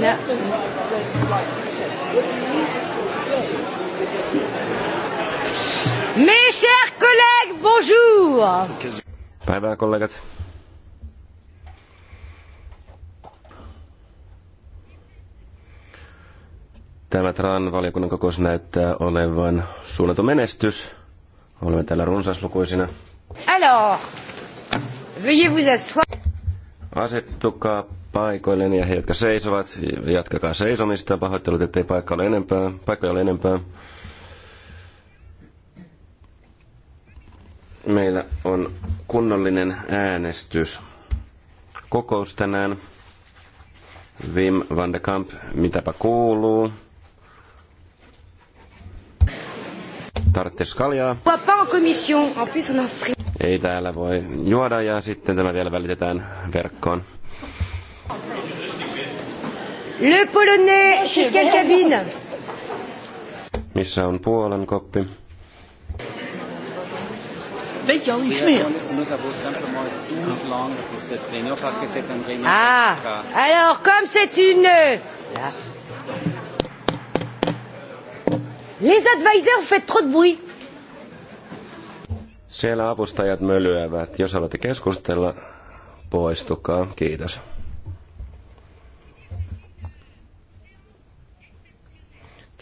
No. Mes chers collègues, bonjour. Päivää kollegat. Tämä TRAN valiokunnan kokous näyttää olevan suunnaton menestys. Olemme täällä runsaslukuisina. Alors, veuillez vous asseoir. Asettukaa paikoilleen niin ja he, jotka seisovat, jatkakaa seisomista. Pahoittelut, ettei paikka ole enempää. Paikkoja ole enempää. Meillä on kunnollinen äänestys kokous tänään. Wim van de Kamp, mitäpä kuuluu? Tarttis kaljaa. Ei täällä voi juoda ja sitten tämä vielä välitetään verkkoon. Le polonais, sur quelle cabine? Missä on Puolan koppi? Ah, alors comme c'est une... Là. Euh, les advisors, faites trop de bruit. Siellä avustajat mölyävät. Jos haluatte keskustella, poistukaa. Kiitos.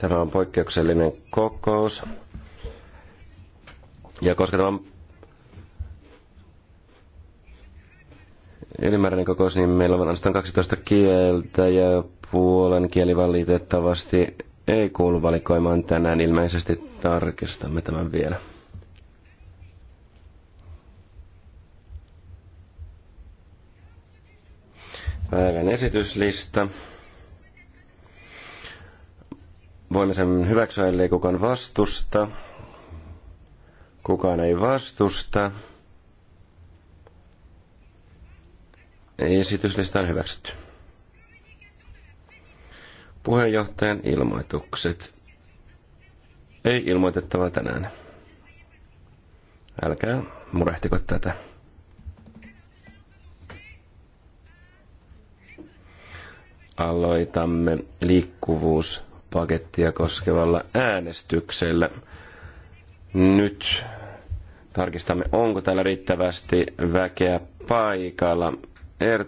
Tämä on poikkeuksellinen kokous. Ja koska tämä on ylimääräinen kokous, niin meillä on ainoastaan 12 kieltä ja puolen kieli valitettavasti ei kuulu valikoimaan tänään. Ilmeisesti tarkistamme tämän vielä. Päivän esityslista. Voimme sen hyväksyä, ellei kukaan vastusta. Kukaan ei vastusta. Esityslista on hyväksytty. Puheenjohtajan ilmoitukset. Ei ilmoitettava tänään. Älkää murehtiko tätä. Aloitamme liikkuvuus pakettia koskevalla äänestyksellä. Nyt tarkistamme, onko täällä riittävästi väkeä paikalla.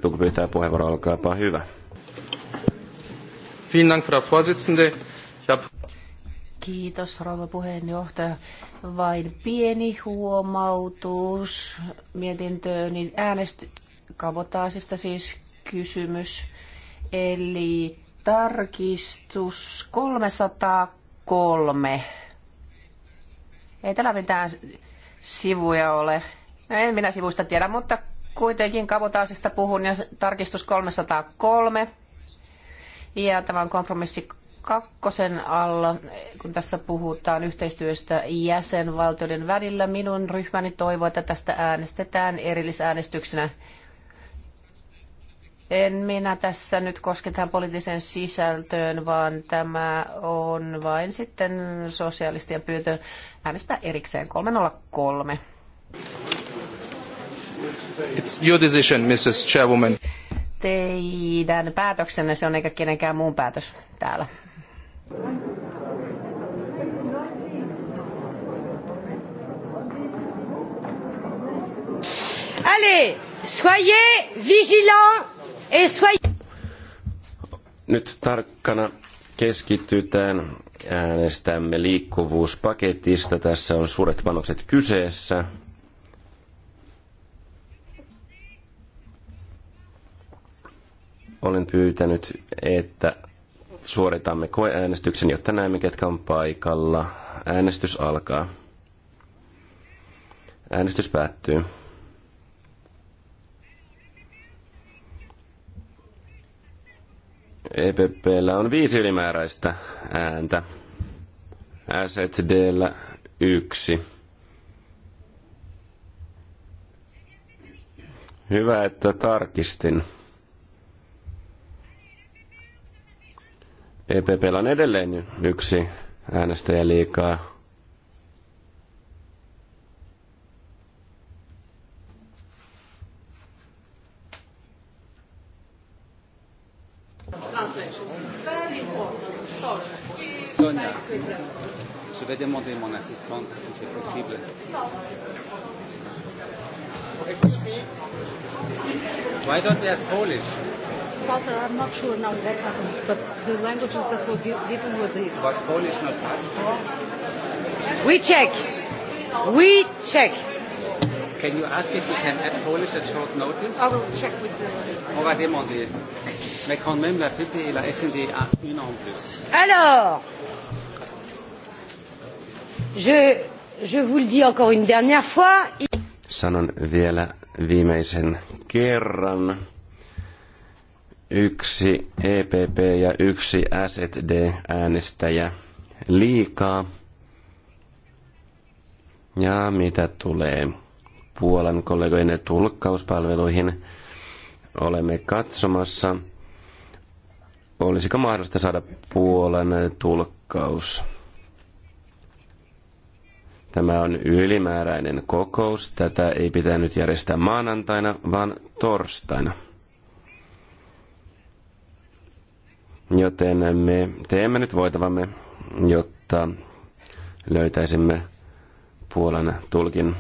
kun pitää puheenvuoro, olkaapa hyvä. Kiitos, rouva puheenjohtaja. Vain pieni huomautus mietintöön, niin äänesty, siis kysymys. Eli Tarkistus 303. Ei täällä mitään sivuja ole. En minä sivusta tiedä, mutta kuitenkin kavotaasista puhun ja tarkistus 303. Ja tämä on kompromissi kakkosen alla, kun tässä puhutaan yhteistyöstä jäsenvaltioiden välillä. Minun ryhmäni toivoo, että tästä äänestetään erillisäänestyksenä. En minä tässä nyt koske tähän poliittiseen sisältöön, vaan tämä on vain sitten sosialistien pyyntö äänestää erikseen 303. It's your decision, Mrs. Chairwoman. Teidän päätöksenne se on eikä kenenkään muun päätös täällä. Allez, soyez vigilants nyt tarkkana keskitytään. Äänestämme liikkuvuuspaketista. Tässä on suuret panokset kyseessä. Olen pyytänyt, että suoritamme koeäänestyksen, jotta näemme, ketkä on paikalla. Äänestys alkaa. Äänestys päättyy. EPPllä on viisi ylimääräistä ääntä. SDllä yksi. Hyvä, että tarkistin. EPPllä on edelleen yksi äänestäjä liikaa. Sonia, je vais demander à mon assistante si c'est possible. Why don't they ask Polish? Father, I'm not sure now what happened, but the languages that were given were this. Was Polish not passed? We check. We check. Can you ask if we can add Polish at short notice? I will check with the... On va demander. Mais quand même, la PP et la SND a une en plus. Alors, je, je vous le dis encore une dernière fois. Sanon vielä viimeisen kerran. Yksi EPP ja yksi sd äänestäjä liikaa. Ja mitä tulee Puolan kollegojen tulkkauspalveluihin, olemme katsomassa – Olisiko mahdollista saada puolen tulkkaus? Tämä on ylimääräinen kokous. Tätä ei pitänyt järjestää maanantaina, vaan torstaina. Joten me teemme nyt voitavamme, jotta löytäisimme Puolan tulkin.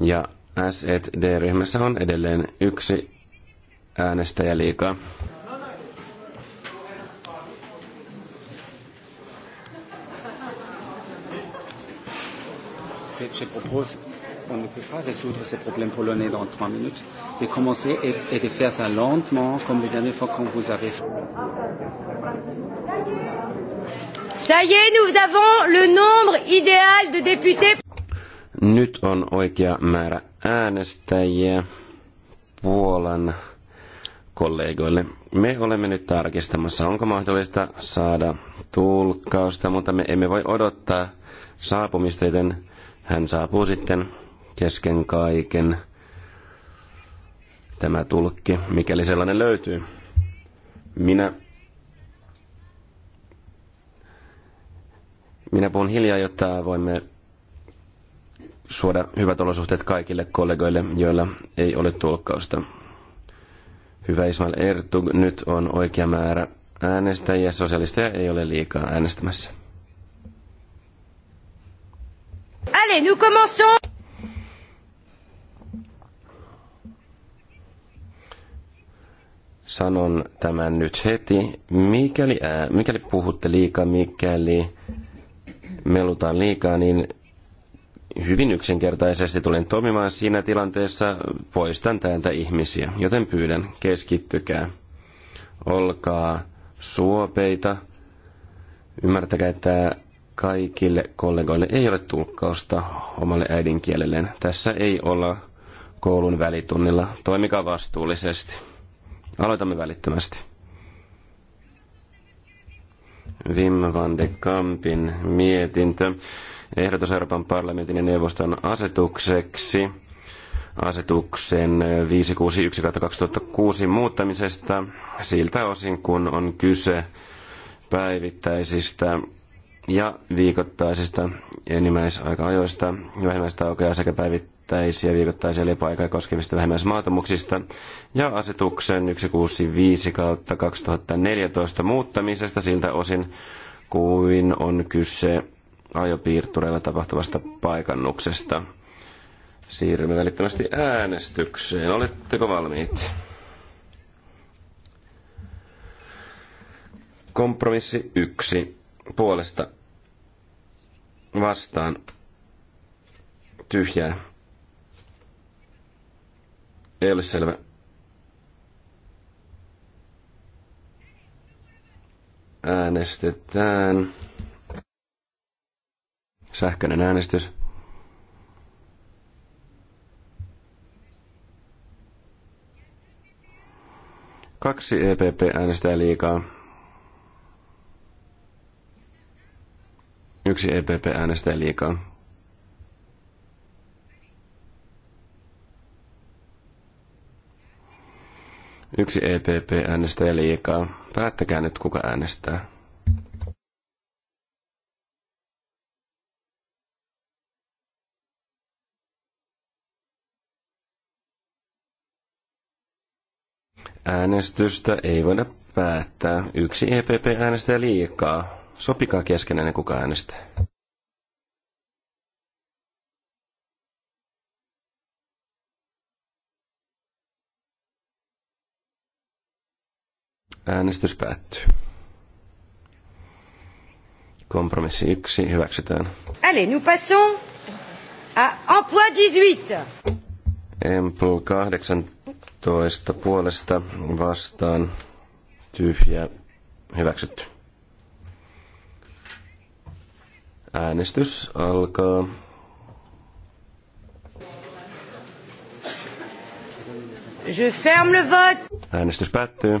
Ja SED-ryhmässä on edelleen yksi äänestäjä liikaa. Je propose, on ne peut pas résoudre ces problèmes polonais dans trois minutes, de commencer et, et de faire ça lentement, comme la dernière fois qu'on vous avait fait. Ça y est, nous avons le nombre idéal de députés. Nyt on oikea määrä äänestäjiä Puolan kollegoille. Me olemme nyt tarkistamassa, onko mahdollista saada tulkkausta, mutta me emme voi odottaa saapumista, joten hän saapuu sitten kesken kaiken tämä tulkki, mikäli sellainen löytyy. Minä Minä puhun hiljaa, jotta voimme suoda hyvät olosuhteet kaikille kollegoille, joilla ei ole tulkkausta. Hyvä Ismail Ertug, nyt on oikea määrä äänestäjiä. Sosialisteja ei ole liikaa äänestämässä. Allez, nous commençons! Sanon tämän nyt heti. Mikäli, ää, mikäli puhutte liikaa, mikäli melutaan liikaa, niin hyvin yksinkertaisesti tulen toimimaan siinä tilanteessa, poistan täältä ihmisiä, joten pyydän keskittykää. Olkaa suopeita. Ymmärtäkää, että kaikille kollegoille ei ole tulkkausta omalle äidinkielelleen. Tässä ei olla koulun välitunnilla. Toimikaa vastuullisesti. Aloitamme välittömästi. Wim van de Kampin mietintö ehdotus Euroopan parlamentin ja neuvoston asetukseksi asetuksen 561-2006 muuttamisesta siltä osin, kun on kyse päivittäisistä ja viikoittaisista enimmäisaika-ajoista, vähimmäistaukoja sekä päivittäisiä viikoittaisia lepoaikaa koskevista vähimmäismaatamuksista ja asetuksen 165 2014 muuttamisesta siltä osin, kuin on kyse ajopiirtureilla tapahtuvasta paikannuksesta. Siirrymme välittömästi äänestykseen. Oletteko valmiit? Kompromissi yksi Puolesta vastaan tyhjää. Ei ole selvä. Äänestetään. Sähköinen äänestys. Kaksi EPP äänestää liikaa. Yksi EPP äänestää liikaa. Yksi EPP äänestää liikaa. Päättäkää nyt, kuka äänestää. Äänestystä ei voida päättää. Yksi EPP äänestää liikaa. Sopikaa keskenään kuka äänestää. Äänestys päättyy. Kompromissi yksi hyväksytään. Allez, nous passons à emploi 18. Empl 18 puolesta vastaan tyhjä hyväksytty. Äänestys alkaa. Je ferme le vote. Äänestys päättyy.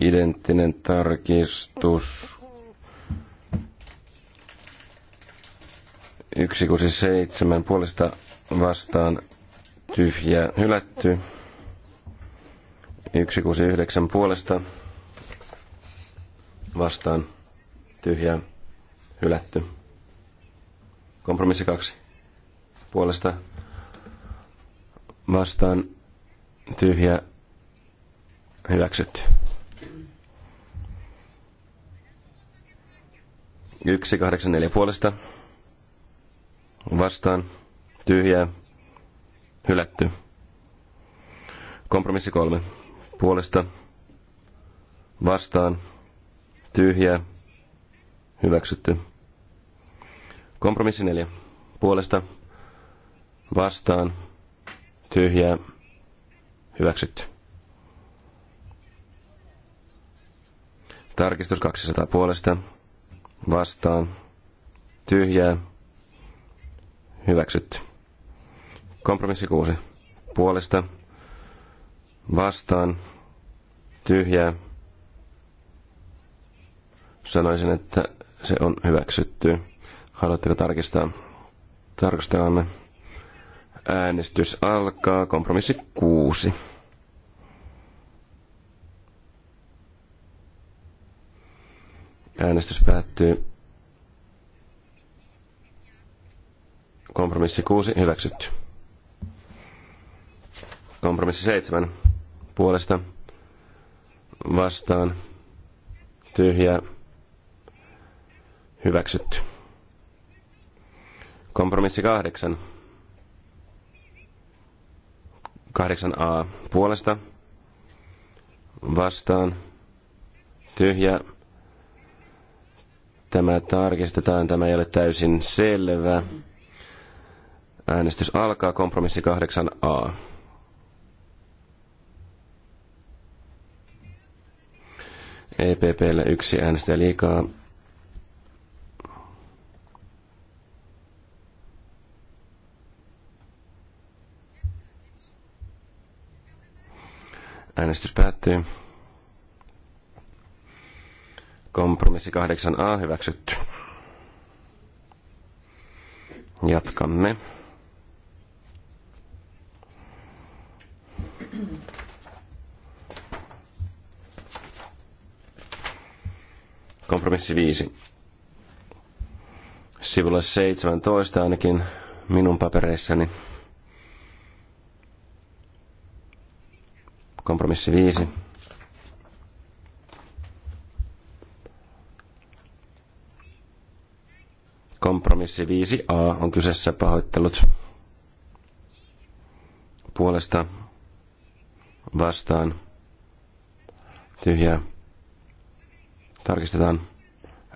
identtinen tarkistus seitsemän puolesta vastaan tyhjä hylätty. yhdeksän, puolesta vastaan tyhjä hylätty. Kompromissi kaksi. puolesta vastaan tyhjä hyväksytty. Yksi, kahdeksan, neljä puolesta. Vastaan. Tyhjää. Hylätty. Kompromissi kolme. Puolesta. Vastaan. Tyhjää. Hyväksytty. Kompromissi neljä. Puolesta. Vastaan. Tyhjää. Hyväksytty. Tarkistus 200 puolesta vastaan tyhjää hyväksytty. Kompromissi kuusi. puolesta vastaan tyhjää sanoisin, että se on hyväksytty. Haluatteko tarkistaa? Tarkastellaan. Äänestys alkaa. Kompromissi kuusi. Äänestys päättyy. Kompromissi 6 hyväksytty. Kompromissi 7 puolesta vastaan tyhjä hyväksytty. Kompromissi 8 8a puolesta vastaan tyhjä Tämä tarkistetaan, tämä ei ole täysin selvä. Äänestys alkaa, kompromissi 8a. EPP:lle yksi äänestäjä liikaa. Äänestys päättyy. Kompromissi 8a hyväksytty. Jatkamme. Kompromissi 5. Sivulla 17 ainakin minun papereissani. Kompromissi 5. Kompromissi 5a on kyseessä pahoittelut puolesta vastaan tyhjää. Tarkistetaan.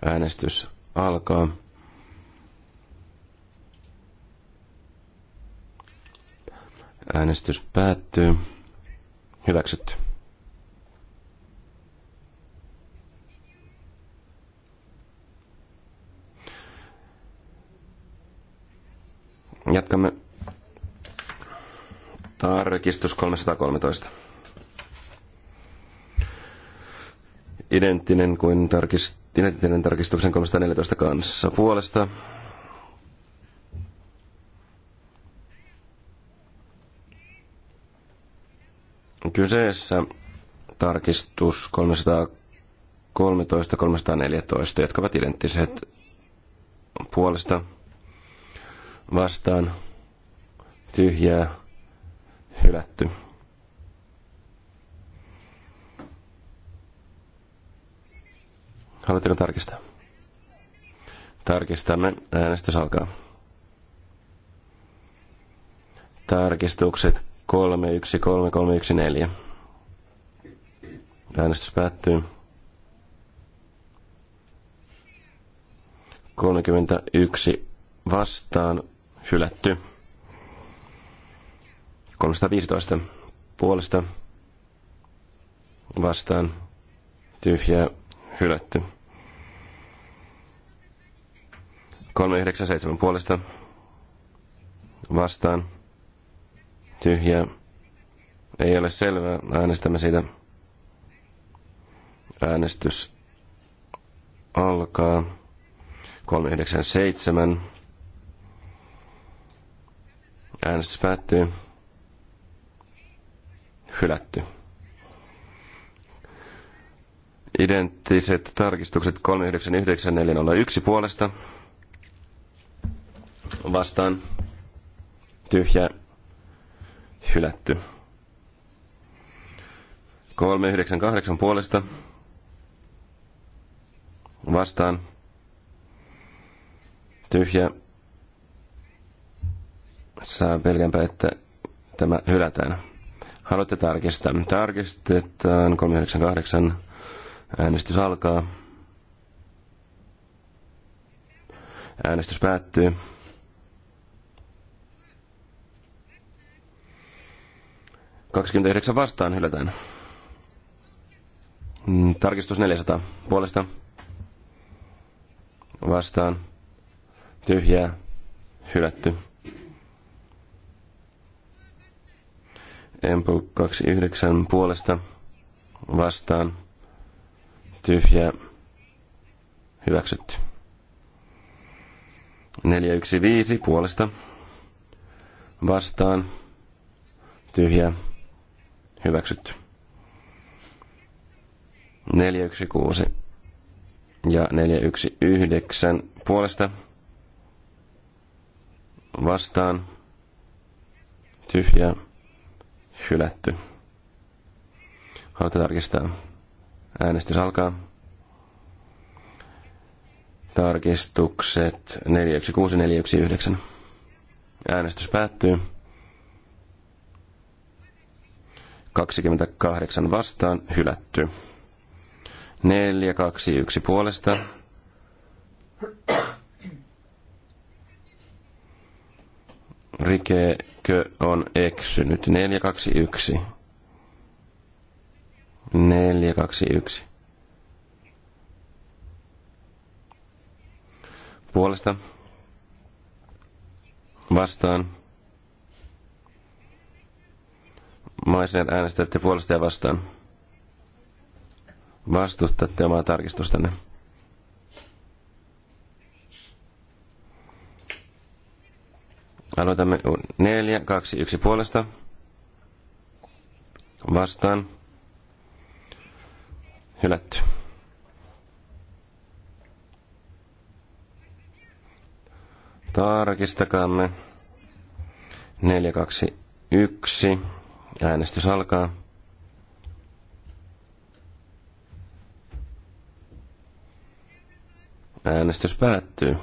Äänestys alkaa. Äänestys päättyy. Hyväksytty. Jatkamme. Tarkistus 313. Identtinen kuin tarkist, identtinen tarkistuksen 314 kanssa. Puolesta Kyseessä tarkistus 313-314, jotka ovat identtiset puolesta vastaan tyhjää hylätty. Haluatteko tarkistaa? Tarkistamme. Äänestys alkaa. Tarkistukset 313314. Äänestys päättyy. 31 vastaan, hylätty. 315 puolesta vastaan tyhjää hylätty. 397 puolesta vastaan tyhjää. Ei ole selvää. Äänestämme siitä. Äänestys alkaa. 397. Äänestys päättyy. Hylätty. Identtiset tarkistukset 399401 puolesta. Vastaan. Tyhjä. Hylätty. 398 puolesta. Vastaan. Tyhjä. Saa pelkäänpä, että tämä hylätään. Haluatte tarkistaa? Tarkistetaan 398. Äänestys alkaa. Äänestys päättyy. Kaksikymmentäyhdeksän vastaan hylätään. Mm, tarkistus 400. Puolesta. Vastaan. Tyhjää. Hylätty. Empul 29 puolesta vastaan tyhjä hyväksytty. 415 puolesta vastaan tyhjä hyväksytty. 416 ja 419 puolesta vastaan tyhjä hyväksytty hylätty. Haluatte tarkistaa? Äänestys alkaa. Tarkistukset 416419. Äänestys päättyy. 28 vastaan hylätty. 421 puolesta Rikekö on eksynyt? 421. 421. Puolesta. Vastaan. Maisen äänestätte puolesta ja vastaan. Vastustatte omaa tarkistustanne. Aloitamme 4, 2, 1 puolesta. Vastaan. Hylätty. Tarkistakaamme. 4, 2, 1. Äänestys alkaa. Äänestys päättyy.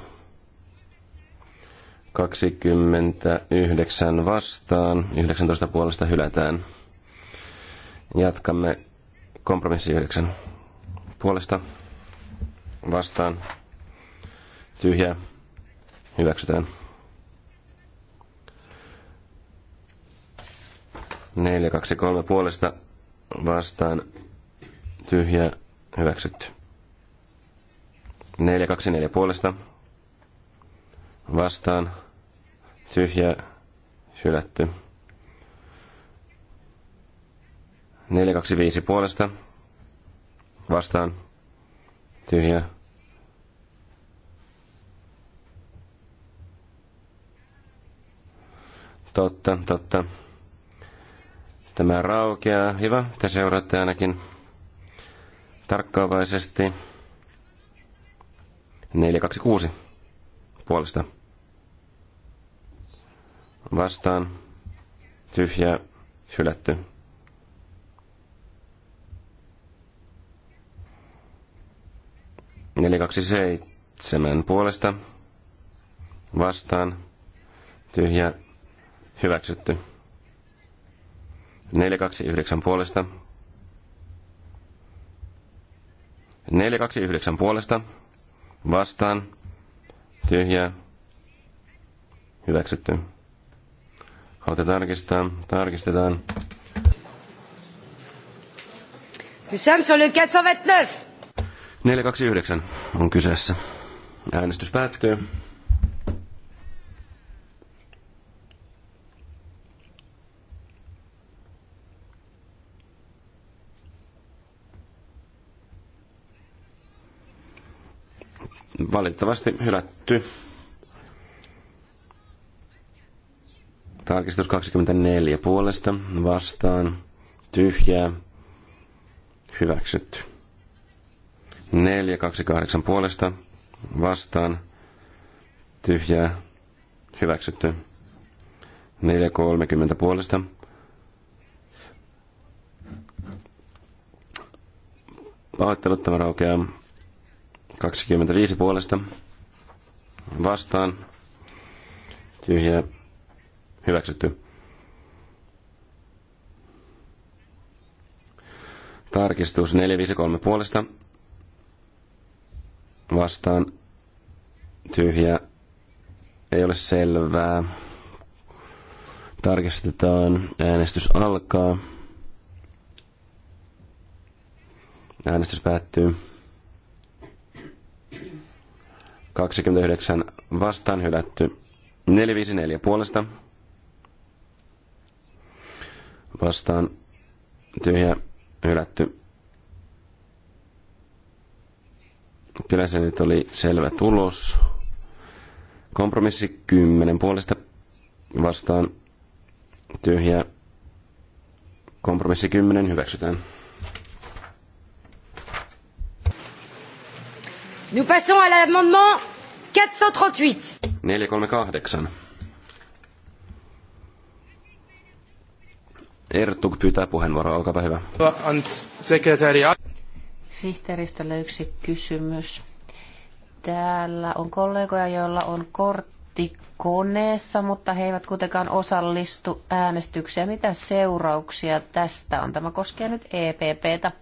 29 vastaan, 19 puolesta hylätään. Jatkamme kompromissi 9 puolesta vastaan. Tyhjä. Hyväksytään. 4, 2, 3 puolesta vastaan. Tyhjä. Hyväksytty. 4, 2, 4 puolesta vastaan tyhjä, sylätty. 425 puolesta, vastaan, tyhjä. Totta, totta. Tämä raukeaa. Hyvä, te seuraatte ainakin tarkkaavaisesti. 426 puolesta vastaan, tyhjä hylätty. Neljä kaksi seitsemän puolesta vastaan, tyhjä hyväksytty. yhdeksän puolesta. yhdeksän puolesta. Vastaan. tyhjä Hyväksytty. Haluatte tarkistaa? Tarkistetaan. Nous sommes sur le 429. 429 on kyseessä. Äänestys päättyy. Valitettavasti hylätty. Tarkistus 24 puolesta vastaan tyhjää hyväksytty. 428 puolesta vastaan tyhjää hyväksytty. 430 puolesta pahoittelut tämä raukeaa 25 puolesta vastaan tyhjää Hyväksytty. Tarkistus 453 puolesta. Vastaan. Tyhjä. Ei ole selvää. Tarkistetaan. Äänestys alkaa. Äänestys päättyy. 29 vastaan hylätty. 454 puolesta vastaan tyhjä hylätty. Kyllä se nyt oli selvä tulos. Kompromissi 10 puolesta vastaan tyhjä. Kompromissi 10 hyväksytään. Nous passons à l'amendement 438. 438. Ertug pyytää puheenvuoroa, olkaapa hyvä. Sihteeristölle yksi kysymys. Täällä on kollegoja, joilla on kortti koneessa, mutta he eivät kuitenkaan osallistu äänestykseen. Mitä seurauksia tästä on? Tämä koskee nyt EPPtä.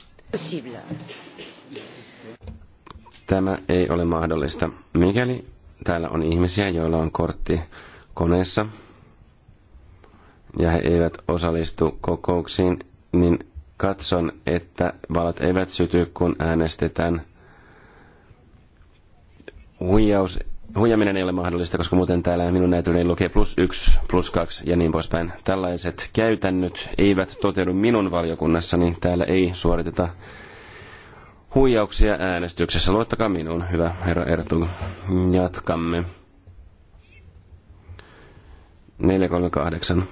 Tämä ei ole mahdollista. Mikäli täällä on ihmisiä, joilla on kortti koneessa, ja he eivät osallistu kokouksiin, niin katson, että valot eivät syty, kun äänestetään. Huijaus, huijaminen ei ole mahdollista, koska muuten täällä minun näytölleni lukee plus yksi, plus kaksi ja niin poispäin. Tällaiset käytännöt eivät toteudu minun valiokunnassani. Täällä ei suoriteta huijauksia äänestyksessä. Luottakaa minuun, hyvä herra Ertu. Jatkamme. 438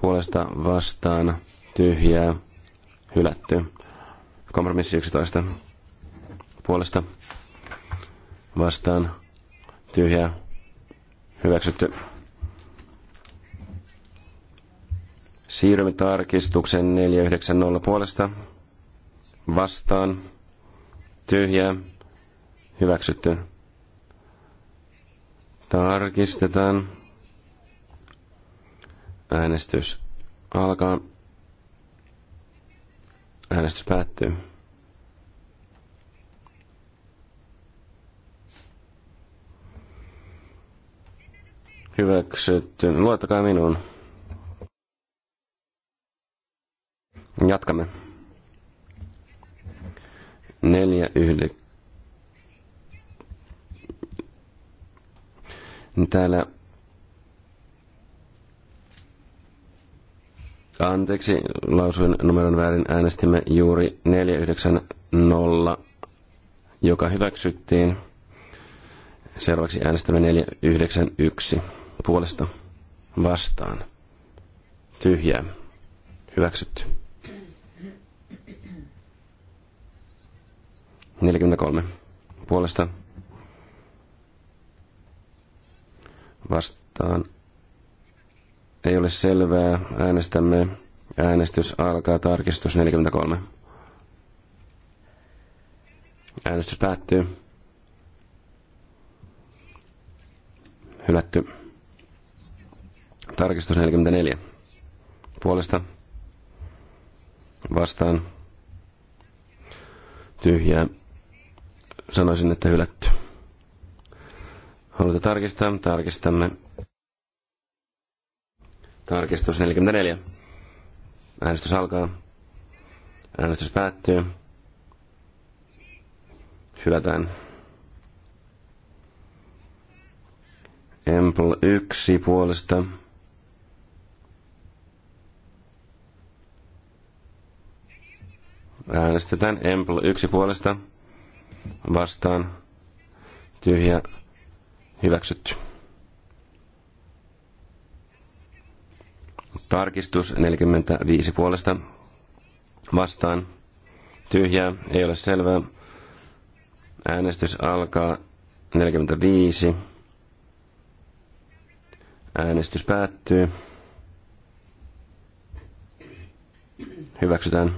puolesta vastaan tyhjää hylätty. Kompromissi 11 puolesta vastaan tyhjää hyväksytty. Siirrymme tarkistuksen 490 puolesta vastaan tyhjää hyväksytty. Tarkistetaan. Äänestys alkaa. Äänestys päättyy. Hyväksytty. Luottakaa minuun. Jatkamme. Neljä yhdeksän. Täällä Anteeksi, lausuin numeron väärin. Äänestimme juuri 490, joka hyväksyttiin. Seuraavaksi äänestämme 491 puolesta vastaan. Tyhjää. Hyväksytty. 43 puolesta vastaan ei ole selvää. Äänestämme. Äänestys alkaa. Tarkistus 43. Äänestys päättyy. Hylätty. Tarkistus 44. Puolesta. Vastaan. Tyhjää. Sanoisin, että hylätty. Haluatte tarkistaa? Tarkistamme. Tarkistus 44. Äänestys alkaa. Äänestys päättyy. Hylätään. Empl 1 puolesta. Äänestetään Empl 1 puolesta. Vastaan. Tyhjä. Hyväksytty. Tarkistus 45 puolesta vastaan. Tyhjää, ei ole selvää. Äänestys alkaa 45. Äänestys päättyy. Hyväksytään.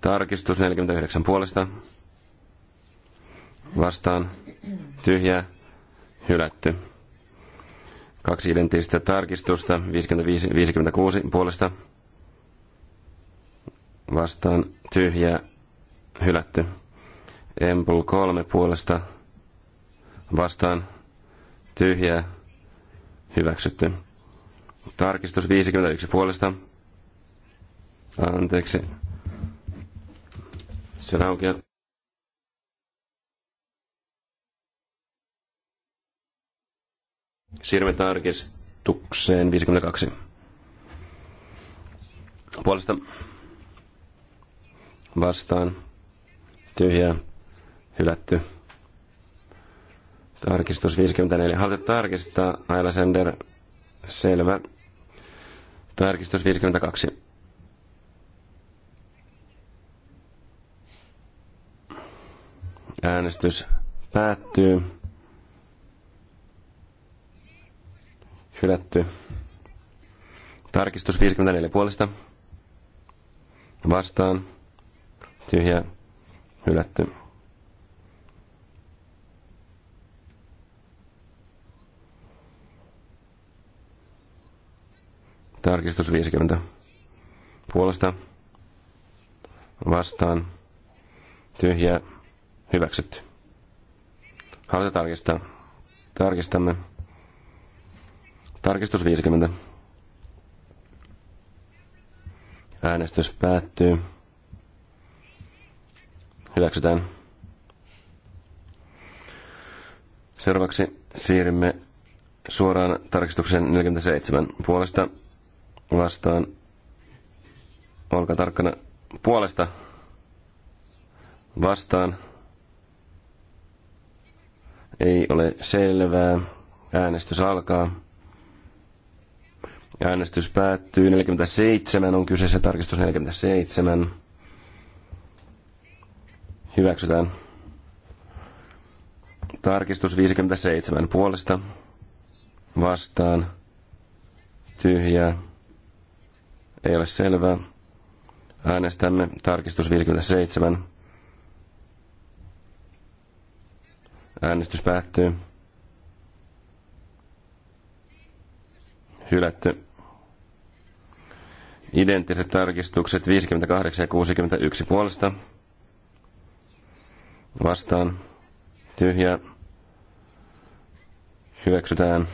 Tarkistus 49 puolesta. Vastaan. Tyhjää. Hylätty. Kaksi identtistä tarkistusta, 55, 56 puolesta vastaan tyhjä hylätty. Empul 3 puolesta vastaan tyhjä hyväksytty. Tarkistus 51 puolesta. Anteeksi. Se raukeaa. Siirrymme tarkistukseen 52. Puolesta vastaan tyhjää hylätty. Tarkistus 54. Haluatte tarkistaa, Aila Sender. Selvä. Tarkistus 52. Äänestys päättyy. hylätty. Tarkistus 54 puolesta. Vastaan. Tyhjä. Hylätty. Tarkistus 50. Puolesta. Vastaan. Tyhjä. Hyväksytty. Haluta tarkistaa. Tarkistamme. Tarkistus 50. Äänestys päättyy. Hyväksytään. Seuraavaksi siirrymme suoraan tarkistukseen 47 puolesta vastaan. Olkaa tarkkana puolesta vastaan. Ei ole selvää. Äänestys alkaa. Äänestys päättyy. 47 on kyseessä tarkistus 47. Hyväksytään. Tarkistus 57 puolesta. Vastaan. Tyhjää. Ei ole selvää. Äänestämme tarkistus 57. Äänestys päättyy. Hylätty. Identtiset tarkistukset 58 ja 61 puolesta. Vastaan. Tyhjä. Hyväksytään.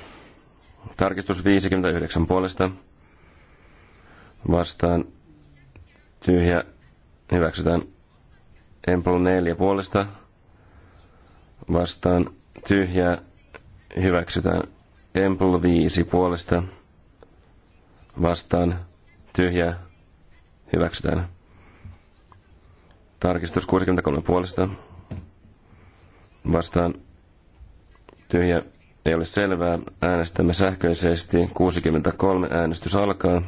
Tarkistus 59 puolesta. Vastaan. Tyhjä. Hyväksytään. Emplu 4 puolesta. Vastaan. Tyhjä. Hyväksytään. Emplu 5 puolesta. Vastaan tyhjää, hyväksytään. Tarkistus 63 puolesta, vastaan tyhjä, ei ole selvää, äänestämme sähköisesti, 63 äänestys alkaa,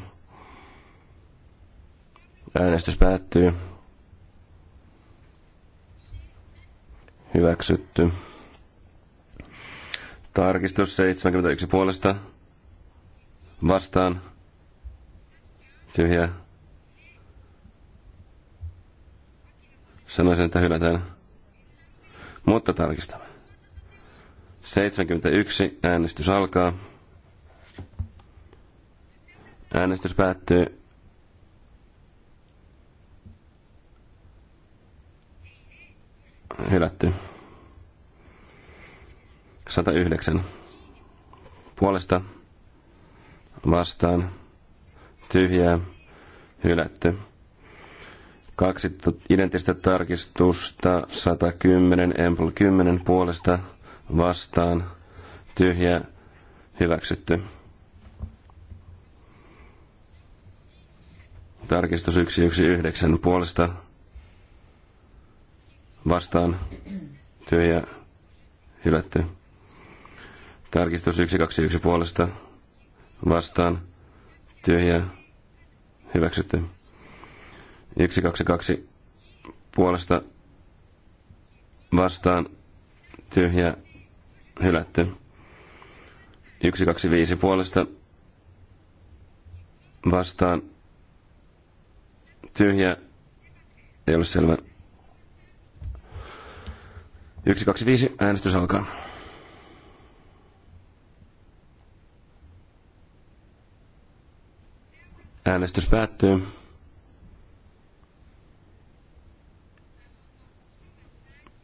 äänestys päättyy, hyväksytty. Tarkistus 71 puolesta, vastaan Tyhjää. Sanoisin, että hylätään. Mutta tarkistamme. 71. Äänestys alkaa. Äänestys päättyy. Hylätty. 109. Puolesta vastaan tyhjää, hylätty. Kaksi identistä tarkistusta, 110, Empl 10 puolesta, vastaan, tyhjä, hyväksytty. Tarkistus 119 puolesta, vastaan, tyhjä, hylätty. Tarkistus 121 puolesta, vastaan, tyhjä, hyväksytty. 122 puolesta vastaan tyhjä hylätty. 125 puolesta vastaan tyhjä ei ole selvä. 125 äänestys alkaa. Äänestys päättyy.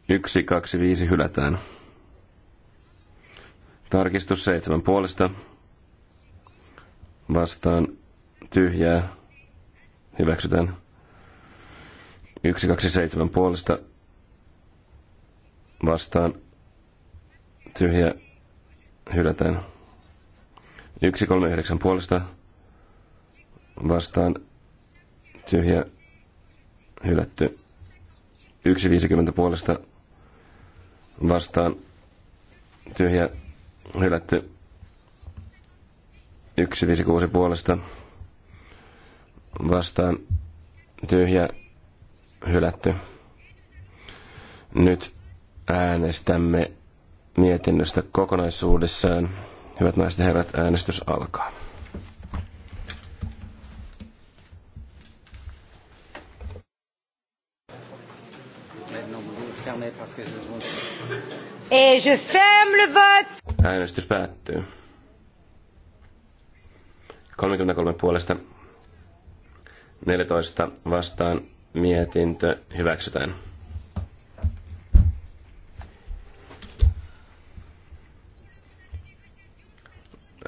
Yksi, kaksi, viisi hylätään. Tarkistus seitsemän puolesta. Vastaan tyhjää. Hyväksytään. Yksi, kaksi, seitsemän puolesta. Vastaan tyhjää hylätään. Yksi kolme yhdeksän puolesta vastaan tyhjä hylätty. 1.50 puolesta vastaan tyhjä hylätty. 1.56 puolesta vastaan tyhjä hylätty. Nyt äänestämme mietinnöstä kokonaisuudessaan. Hyvät naiset ja herrat, äänestys alkaa. fermée parce que je vous... Et je ferme le vote! Äänestys päättyy. 33 puolesta 14 vastaan mietintö hyväksytään.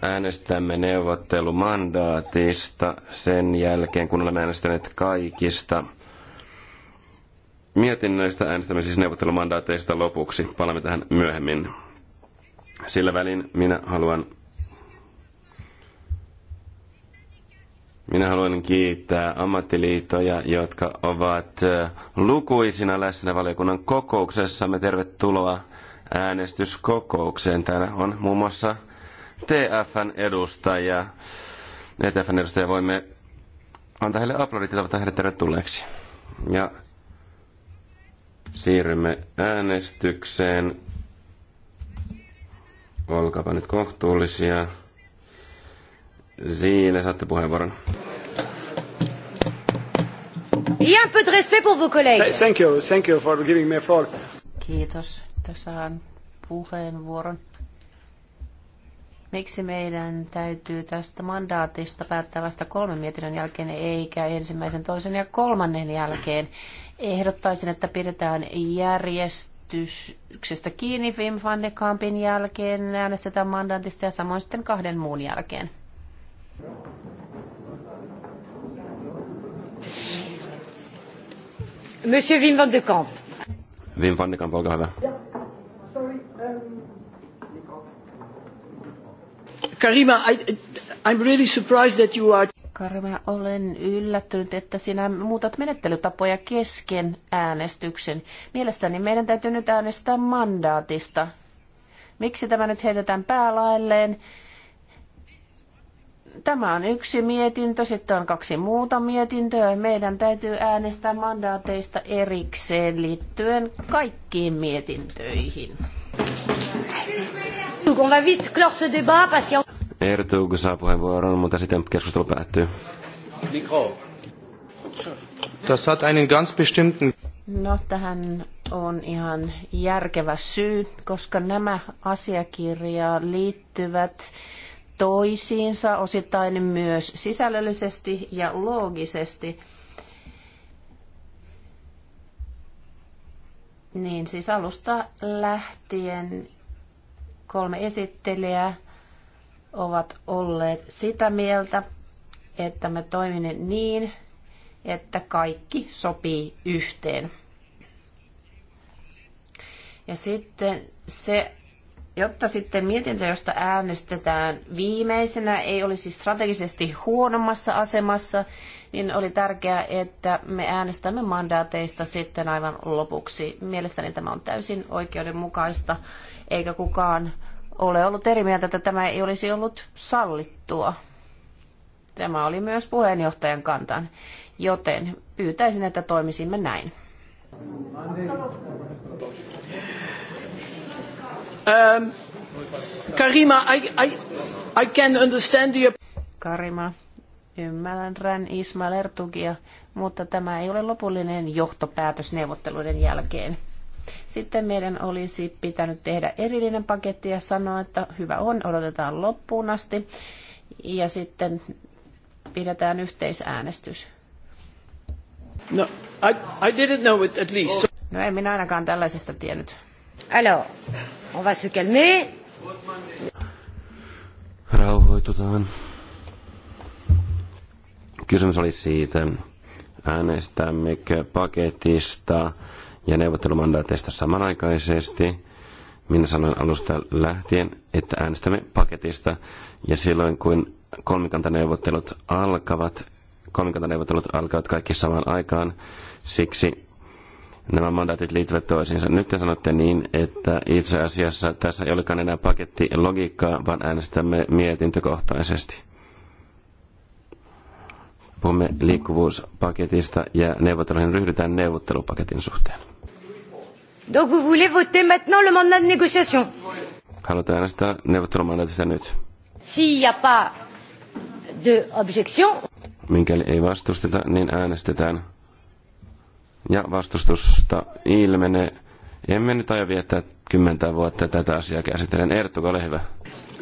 Äänestämme neuvottelumandaatista sen jälkeen, kun olemme äänestäneet kaikista mietinnöistä äänestämme siis neuvottelumandaateista lopuksi. Palaamme tähän myöhemmin. Sillä välin minä haluan Minä haluan kiittää ammattiliitoja, jotka ovat lukuisina läsnä valiokunnan kokouksessamme. Tervetuloa äänestyskokoukseen. Täällä on muun muassa TFN edustaja. TFN edustaja voimme antaa heille aplodit ja tervetulleeksi. Ja Siirrymme äänestykseen. Olkaapa nyt kohtuullisia. Siinä saatte puheenvuoron. Ja un peu de respect pour vos collègues. Thank you, thank you for giving me a floor. Kiitos, että saan puheenvuoron. Miksi meidän täytyy tästä mandaatista päättää vasta kolmen mietinnön jälkeen eikä ensimmäisen, toisen ja kolmannen jälkeen? Ehdottaisin, että pidetään järjestyksestä kiinni Wim van de Kampin jälkeen, äänestetään mandantista ja samoin sitten kahden muun jälkeen. Monsieur Wim van de Kamp. Wim van de Kamp, olkaa hyvä. Um, Karima, I, I'm really surprised that you are... Kari, mä olen yllättynyt, että sinä muutat menettelytapoja kesken äänestyksen. Mielestäni meidän täytyy nyt äänestää mandaatista. Miksi tämä nyt heitetään päälailleen? Tämä on yksi mietintö, sitten on kaksi muuta mietintöä. Meidän täytyy äänestää mandaateista erikseen liittyen kaikkiin mietintöihin. Ertug saa puheenvuoron, mutta sitten keskustelu päättyy. Mikro. Das hat einen ganz bestimmten... No, tähän on ihan järkevä syy, koska nämä asiakirjaa liittyvät toisiinsa osittain myös sisällöllisesti ja loogisesti. Niin siis alusta lähtien kolme esittelijää ovat olleet sitä mieltä, että me toimimme niin, että kaikki sopii yhteen. Ja sitten se, jotta sitten mietintö, josta äänestetään viimeisenä, ei olisi strategisesti huonommassa asemassa, niin oli tärkeää, että me äänestämme mandaateista sitten aivan lopuksi. Mielestäni tämä on täysin oikeudenmukaista, eikä kukaan ole ollut eri mieltä, että tämä ei olisi ollut sallittua. Tämä oli myös puheenjohtajan kantan, joten pyytäisin, että toimisimme näin. Um, Karima, I, I, I can understand you. Karima, ymmärrän Rän Ismail Ertugia, mutta tämä ei ole lopullinen johtopäätös neuvotteluiden jälkeen. Sitten meidän olisi pitänyt tehdä erillinen paketti ja sanoa, että hyvä on, odotetaan loppuun asti ja sitten pidetään yhteisäänestys. No, I, I didn't know it at least. No en minä ainakaan tällaisesta tiennyt. Alors, on va se calmer. Rauhoitutaan. Kysymys oli siitä, äänestämmekö paketista ja neuvottelumandaateista samanaikaisesti. Minä sanoin alusta lähtien, että äänestämme paketista. Ja silloin kun kolmikantaneuvottelut alkavat, kolmikantaneuvottelut alkavat kaikki samaan aikaan, siksi nämä mandaatit liittyvät toisiinsa. Nyt te sanotte niin, että itse asiassa tässä ei olekaan enää logiikkaa, vaan äänestämme mietintökohtaisesti. Puhumme liikkuvuuspaketista ja neuvotteluihin ryhdytään neuvottelupaketin suhteen. Donc vous voulez voter maintenant le mandat de négociation? Haluatte äänestää nyt. S'il n'y a pas de objection. ei vastusteta, niin äänestetään. Ja vastustusta ilmenee. Emme nyt aio viettää kymmentä vuotta tätä asiaa käsitellen. Erttu, ole hyvä.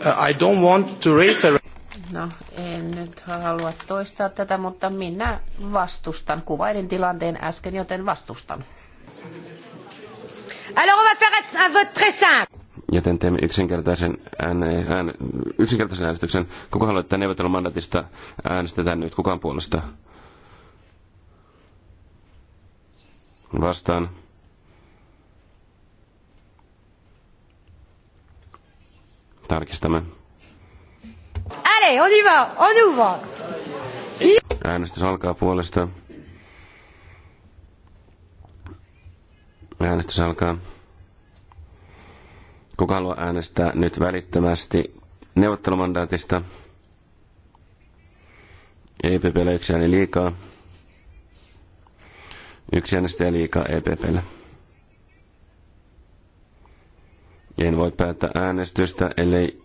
Uh, I don't want to reiterate. No, en nyt halua toistaa tätä, mutta minä vastustan. Kuvailin tilanteen äsken, joten vastustan. Alors on va faire un vote très simple. Joten teemme yksinkertaisen, ääne, ääne, yksinkertaisen äänestyksen. Kuka haluaa, että mandatista äänestetään nyt? Kukaan puolesta? Vastaan. Tarkistamme. Allez, on y va, on va. Äänestys alkaa puolesta. Äänestys alkaa. Kuka haluaa äänestää nyt välittömästi neuvottelumandaatista? EPPllä yksi ääni liikaa. Yksi äänestäjä liikaa EPPllä. En voi päättää äänestystä, ellei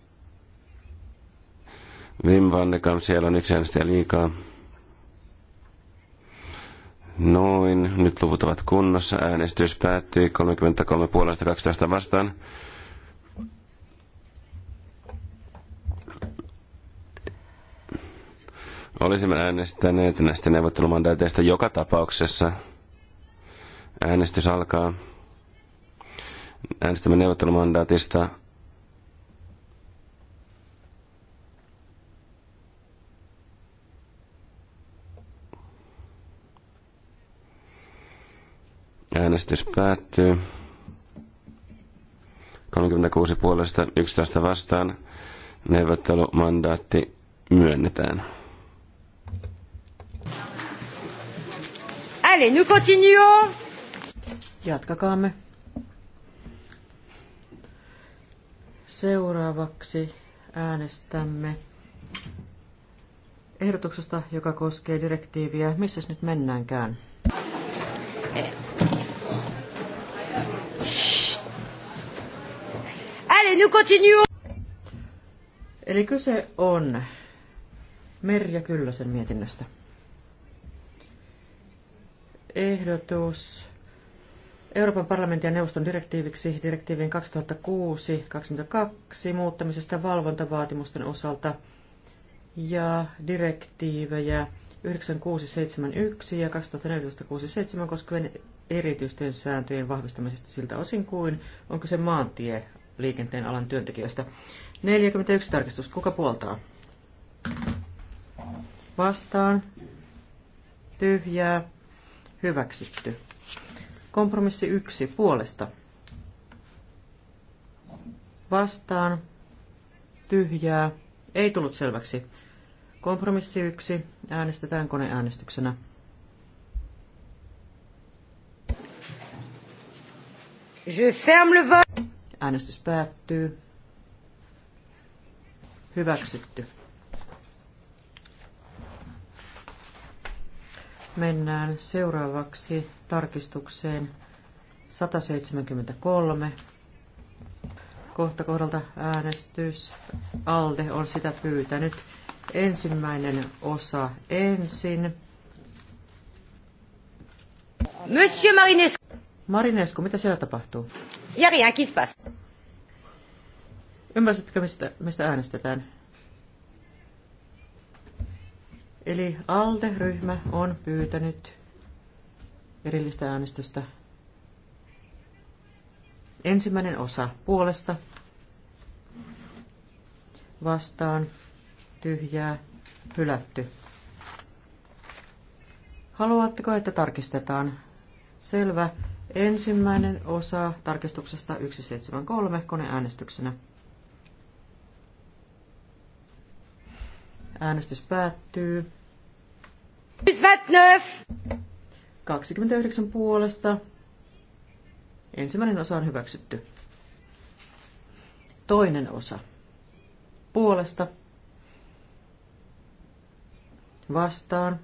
Wim Vannekam, siellä on yksi äänestäjä liikaa. Noin, nyt luvut ovat kunnossa. Äänestys päättyi 33 puolesta 12 vastaan. Olisimme äänestäneet näistä neuvottelumandaateista joka tapauksessa. Äänestys alkaa. Äänestämme neuvottelumandaatista Äänestys päättyy. 36 puolesta 11 vastaan. Neuvottelumandaatti myönnetään. Allez, nous continuons. Jatkakaamme. Seuraavaksi äänestämme ehdotuksesta, joka koskee direktiiviä. Missä nyt mennäänkään? Eh. Okei, nyt continuons. Eli kyse on Merja Kyllösen mietinnöstä. Ehdotus Euroopan parlamentin ja neuvoston direktiiviksi direktiivin 2006-22 muuttamisesta valvontavaatimusten osalta ja direktiivejä 9671 ja 2014 koskevien erityisten sääntöjen vahvistamisesta siltä osin kuin on kyse maantie liikenteen alan työntekijöistä. 41 tarkistus. Kuka puoltaa? Vastaan. Tyhjää. Hyväksytty. Kompromissi 1. Puolesta. Vastaan. Tyhjää. Ei tullut selväksi. Kompromissi 1. Äänestetään koneäänestyksenä. Je ferme le vote. Äänestys päättyy. Hyväksytty. Mennään seuraavaksi tarkistukseen 173. Kohta kohdalta äänestys. Alde on sitä pyytänyt. Ensimmäinen osa ensin. Monsieur Marines. Marinesku, mitä siellä tapahtuu? Järjään kispas. Ymmärsitkö, mistä, mistä äänestetään? Eli ALDE-ryhmä on pyytänyt erillistä äänestystä. Ensimmäinen osa puolesta. Vastaan. Tyhjää. Hylätty. Haluatteko, että tarkistetaan? Selvä. Ensimmäinen osa tarkistuksesta 173 koneäänestyksenä. Äänestys päättyy. 29 puolesta. Ensimmäinen osa on hyväksytty. Toinen osa. Puolesta. Vastaan.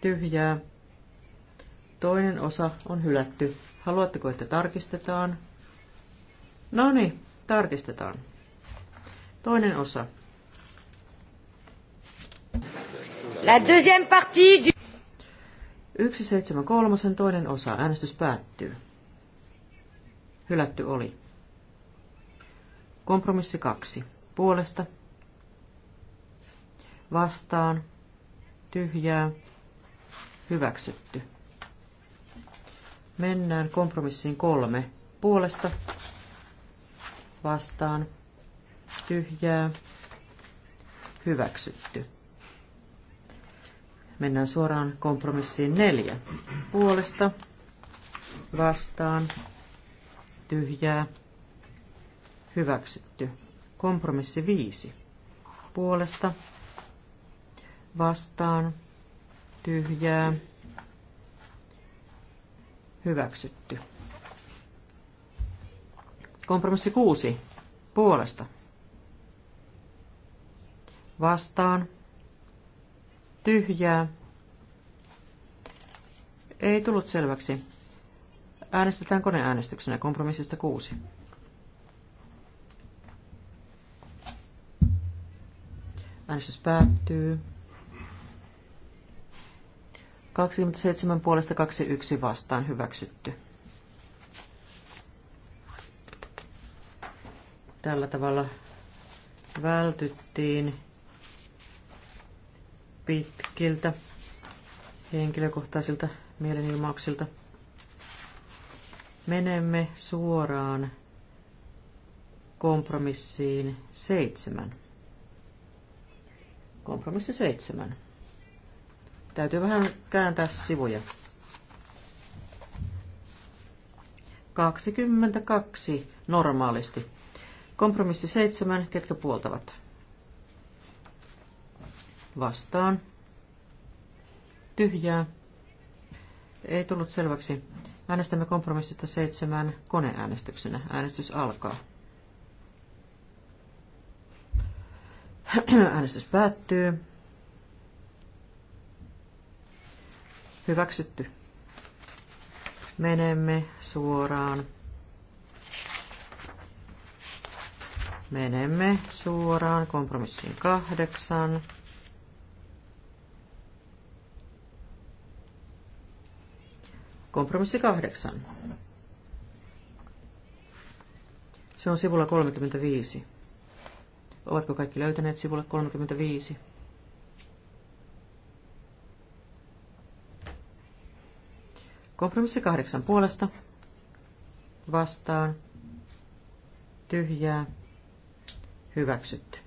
Tyhjää. Toinen osa on hylätty. Haluatteko, että tarkistetaan? No niin, tarkistetaan. Toinen osa. La deuxième partie du... 173 toinen osa. Äänestys päättyy. Hylätty oli. Kompromissi 2. Puolesta. Vastaan. Tyhjää. Hyväksytty. Mennään kompromissiin kolme. Puolesta vastaan tyhjää hyväksytty. Mennään suoraan kompromissiin neljä. Puolesta vastaan tyhjää hyväksytty. Kompromissi viisi. Puolesta vastaan tyhjää Hyväksytty. Kompromissi kuusi. Puolesta. Vastaan. Tyhjää. Ei tullut selväksi. Äänestetään koneäänestyksenä kompromissista kuusi. Äänestys päättyy. 27 puolesta 21 vastaan hyväksytty. Tällä tavalla vältyttiin pitkiltä henkilökohtaisilta mielenilmauksilta. Menemme suoraan kompromissiin seitsemän. Kompromissi seitsemän. Täytyy vähän kääntää sivuja. 22 normaalisti. Kompromissi 7, ketkä puoltavat? Vastaan. Tyhjää. Ei tullut selväksi. Äänestämme kompromissista 7 koneäänestyksenä. Äänestys alkaa. Äänestys päättyy. Hyväksytty. Menemme suoraan. Menemme suoraan kompromissiin kahdeksan. Kompromissi kahdeksan. Se on sivulla 35. Ovatko kaikki löytäneet sivulle 35? Kompromissi kahdeksan puolesta. Vastaan. Tyhjää. Hyväksytty.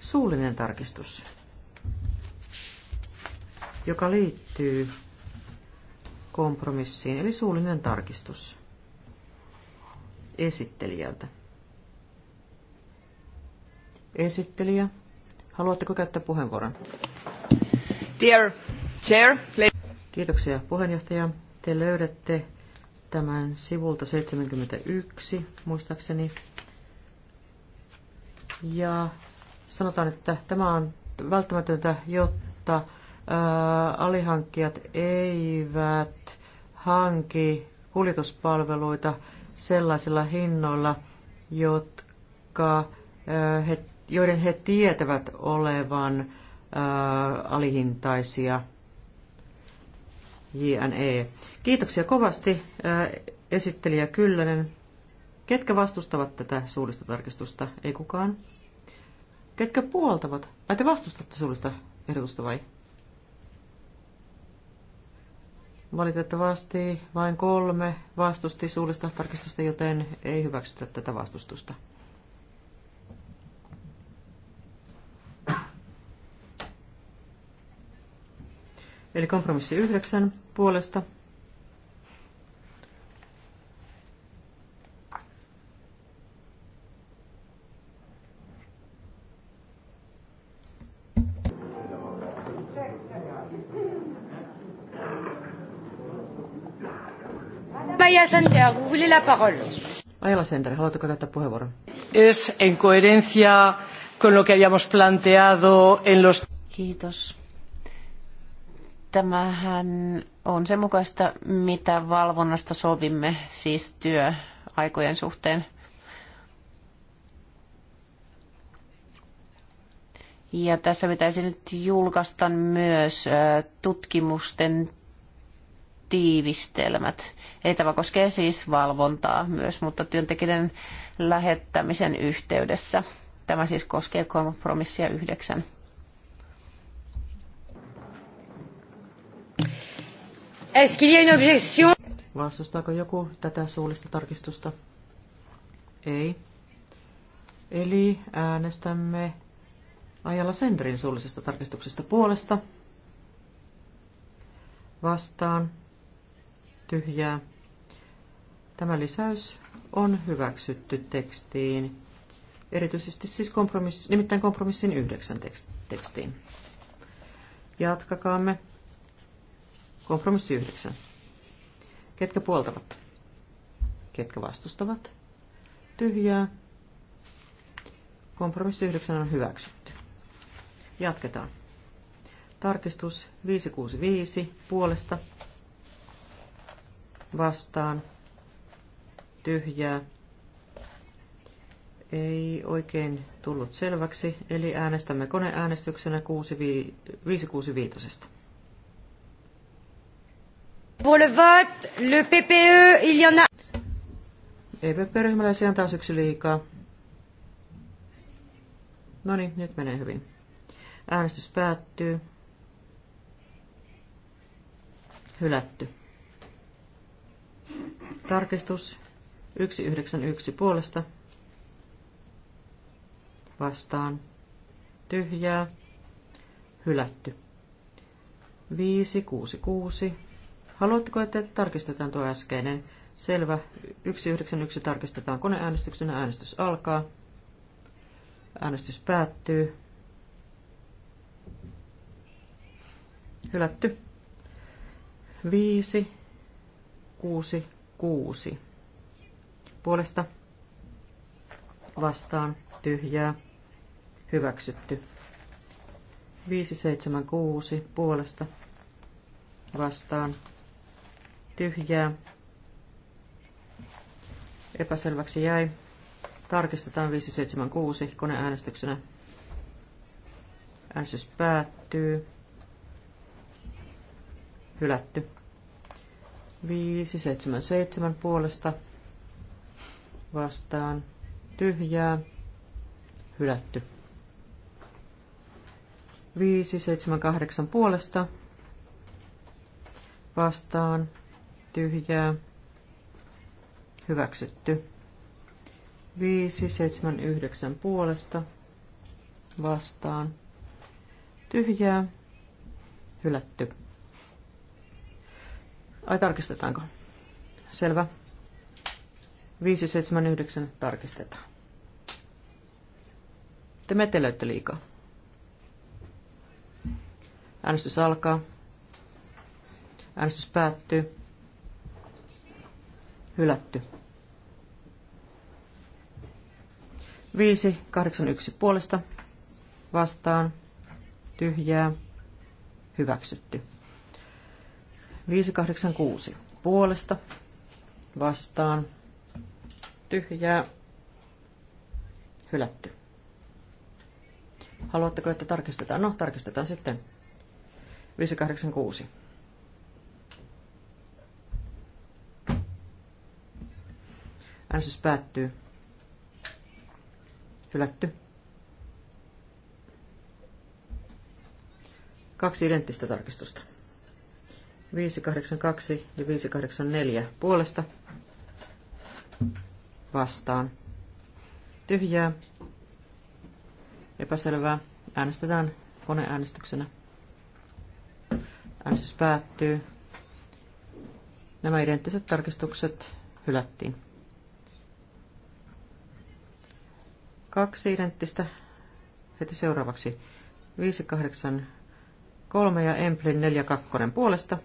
Suullinen tarkistus, joka liittyy kompromissiin, eli suullinen tarkistus esittelijältä. Esittelijä, haluatteko käyttää puheenvuoron? Dear chair, Kiitoksia puheenjohtaja. Te löydätte tämän sivulta 71, muistaakseni. Ja sanotaan, että tämä on välttämätöntä, jotta ää, alihankkijat eivät hanki kuljetuspalveluita sellaisilla hinnoilla, jotka, ää, he, joiden he tietävät olevan Äh, alihintaisia JNE. Kiitoksia kovasti äh, esittelijä Kyllönen. Ketkä vastustavat tätä suullista tarkistusta? Ei kukaan. Ketkä puoltavat? Ai te vastustatte suullista ehdotusta vai? Valitettavasti vain kolme vastusti suullista tarkistusta, joten ei hyväksytä tätä vastustusta. Eli kompromissi yhdeksän puolesta. Sender, vous voulez la parole. Ajala Sender, haluatteko käyttää puheenvuoron? Es en coherencia con lo que habíamos planteado en los... Kiitos Tämähän on sen mukaista, mitä valvonnasta sovimme, siis työaikojen suhteen. Ja tässä pitäisi nyt julkaista myös tutkimusten tiivistelmät. Eli tämä koskee siis valvontaa myös, mutta työntekijän lähettämisen yhteydessä. Tämä siis koskee kompromissia yhdeksän. Vastustaako joku tätä suullista tarkistusta? Ei. Eli äänestämme Ajalla Sendrin suullisesta tarkistuksesta puolesta. Vastaan. Tyhjää. Tämä lisäys on hyväksytty tekstiin, erityisesti siis kompromiss, nimittäin kompromissin yhdeksän tekstiin. Jatkakaamme Kompromissi yhdeksän. Ketkä puoltavat? Ketkä vastustavat? Tyhjää. Kompromissi yhdeksän on hyväksytty. Jatketaan. Tarkistus 565 puolesta vastaan tyhjää. Ei oikein tullut selväksi, eli äänestämme koneäänestyksenä 565 pour le vote. Le PPE, il y en a... epp ryhmälle sijaan taas yksi liikaa. No niin, nyt menee hyvin. Äänestys päättyy. Hylätty. Tarkistus 191 puolesta. Vastaan. Tyhjää. Hylätty. 566 Haluatteko, että tarkistetaan tuo äskeinen? Selvä. 191 tarkistetaan koneäänestyksenä. Äänestys alkaa. Äänestys päättyy. Hylätty. 5, 6, 6. Puolesta vastaan tyhjää. Hyväksytty. 5, 7, 6. Puolesta vastaan tyhjää. Epäselväksi jäi. Tarkistetaan 576 koneäänestyksenä. Äänestys päättyy. Hylätty. 577 puolesta vastaan tyhjää. Hylätty. 578 puolesta vastaan tyhjää, hyväksytty. 5, 7, 9 puolesta vastaan, tyhjää, hylätty. Ai tarkistetaanko? Selvä. 5, 7, 9 tarkistetaan. Te metelöitte liikaa. Äänestys alkaa. Äänestys päättyy hylätty. 5, 8, 1 puolesta vastaan tyhjää hyväksytty. 5, 8, 6 puolesta vastaan tyhjää hylätty. Haluatteko, että tarkistetaan? No, tarkistetaan sitten. 586. Äänestys päättyy. Hylätty. Kaksi identtistä tarkistusta. 582 ja 584 puolesta. Vastaan. Tyhjää. Epäselvää. Äänestetään koneäänestyksenä. Äänestys päättyy. Nämä identtiset tarkistukset hylättiin. Kaksi identtistä heti seuraavaksi. 583 ja Emplin 42 puolesta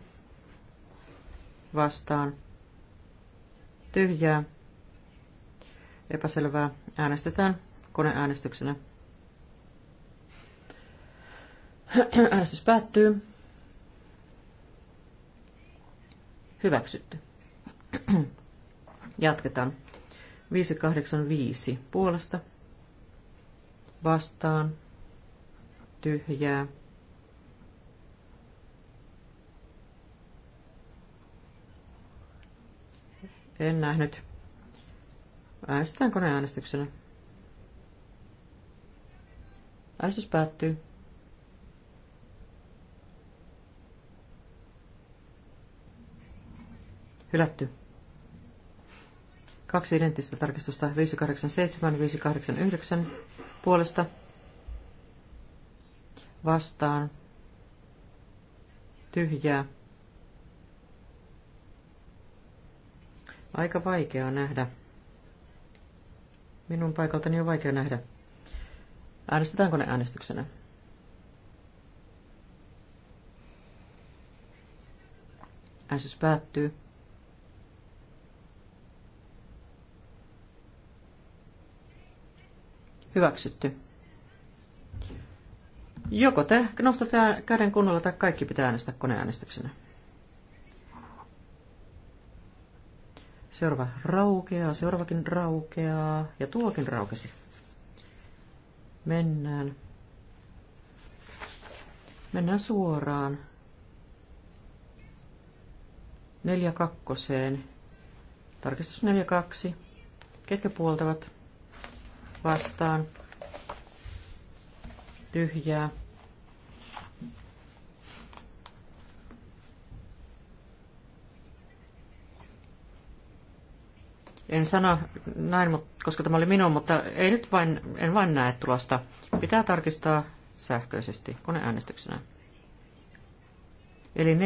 vastaan. Tyhjää. Epäselvää. Äänestetään koneäänestyksenä. Äänestys päättyy. Hyväksytty. Jatketaan. 585 puolesta vastaan, tyhjää. En nähnyt. Äänestetään äänestyksenä. Äänestys päättyy. Hylätty. Kaksi identtistä tarkistusta 587, 589 puolesta vastaan tyhjää. Aika vaikea nähdä. Minun paikaltani on vaikea nähdä. ne koneäänestyksenä. Äänestys päättyy. Hyväksytty. Joko te nostatte käden kunnolla tai kaikki pitää äänestää koneäänestyksenä. Seuraava raukeaa, seuraavakin raukeaa ja tuokin raukesi. Mennään. Mennään suoraan. neljä kakkoseen Tarkistus neljä kaksi Ketkä puoltavat? vastaan tyhjää. En sano näin, koska tämä oli minun, mutta ei nyt vain, en vain näe tulosta. Pitää tarkistaa sähköisesti koneäänestyksenä. Eli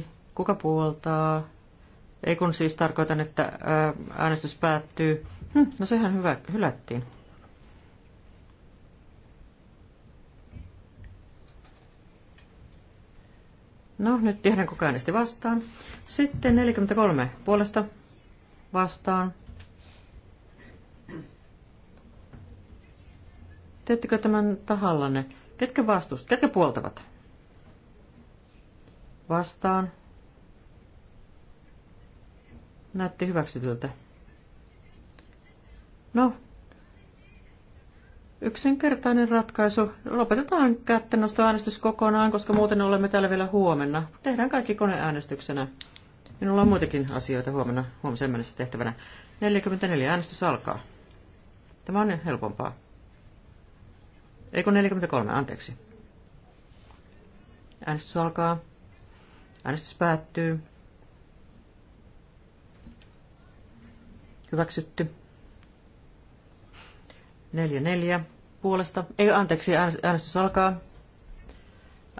4-2. Kuka puoltaa? Ei kun siis tarkoitan, että äänestys päättyy. Hm, no sehän hyvä, hylättiin. No, nyt tiedän, kuka äänesti vastaan. Sitten 43 puolesta vastaan. Teettekö tämän tahallanne? Ketkä vastustavat? Ketkä puoltavat? Vastaan näytti hyväksytyltä. No, yksinkertainen ratkaisu. Lopetetaan kättenostoäänestys kokonaan, koska muuten olemme täällä vielä huomenna. Tehdään kaikki koneäänestyksenä. Minulla on muitakin asioita huomenna, huomisen mennessä tehtävänä. 44 äänestys alkaa. Tämä on helpompaa. Eikö 43, anteeksi. Äänestys alkaa. Äänestys päättyy. Hyväksytty. 4-4 puolesta. Ei, anteeksi, äänestys alkaa.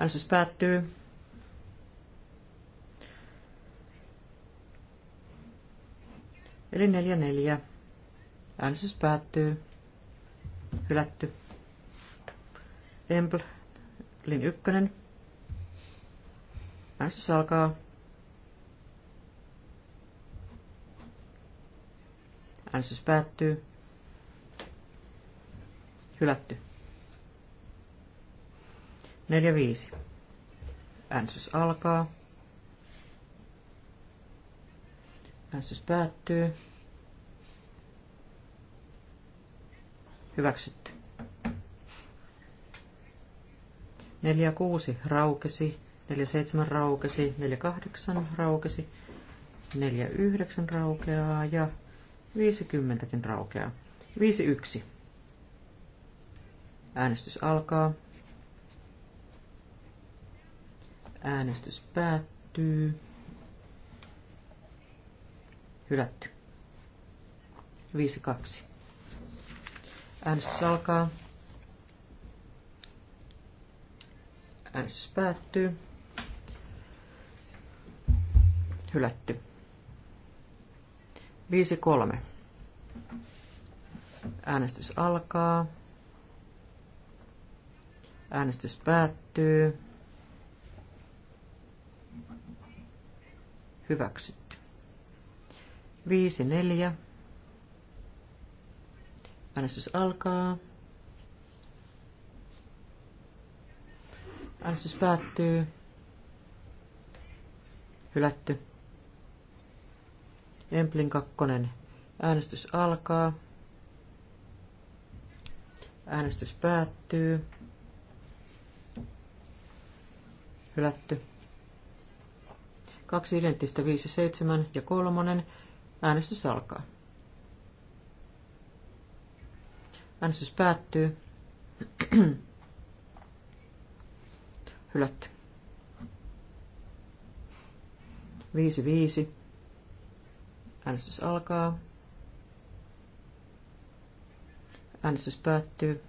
Äänestys päättyy. Eli 4-4. Äänestys päättyy. Hylätty. Lin ykkönen. Äänestys alkaa. Äänestys päättyy. Hylätty. 4-5. Äänestys alkaa. Äänestys päättyy. Hyväksytty. 4-6 raukesi. 4-7 raukesi. 4-8 raukesi. 4-9 raukeaa ja 50kin raukeaa. 51. Äänestys alkaa. Äänestys päättyy. Hylätty. 52. Äänestys alkaa. Äänestys päättyy. Hylätty. 5-3. Äänestys alkaa. Äänestys päättyy. Hyväksytty. 5-4. Äänestys alkaa. Äänestys päättyy. Hylätty. Emplin kakkonen. Äänestys alkaa. Äänestys päättyy. Hylätty. Kaksi identtistä 5, 7 ja kolmonen. Äänestys alkaa. Äänestys päättyy. Hylätty. 5, 5 Äänestys alkaa. Äänestys päättyy.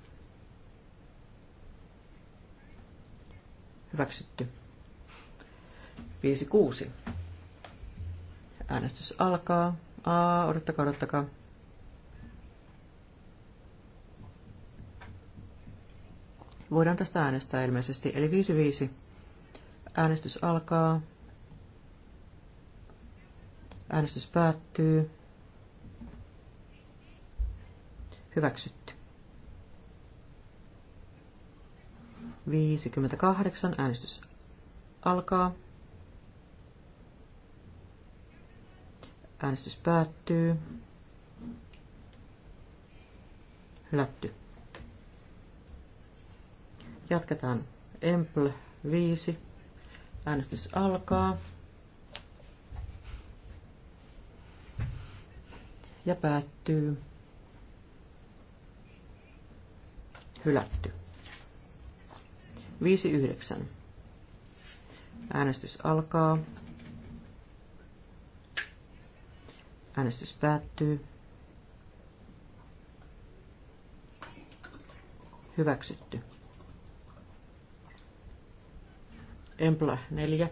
Hyväksytty. 5-6. Äänestys alkaa. Aa, odottakaa, odottakaa. Voidaan tästä äänestää ilmeisesti, eli 5-5. Äänestys alkaa. Äänestys päättyy. Hyväksytty. 58. Äänestys alkaa. Äänestys päättyy. Hylätty. Jatketaan Empl 5. Äänestys alkaa. ja päättyy. Hylätty. 5.9. Äänestys alkaa. Äänestys päättyy. Hyväksytty. Empla 4.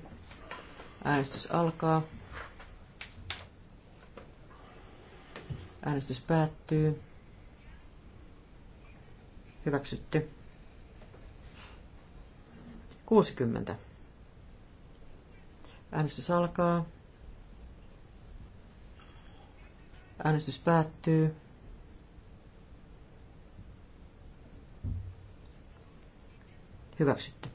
Äänestys alkaa. Äänestys päättyy. Hyväksytty. 60. Äänestys alkaa. Äänestys päättyy. Hyväksytty.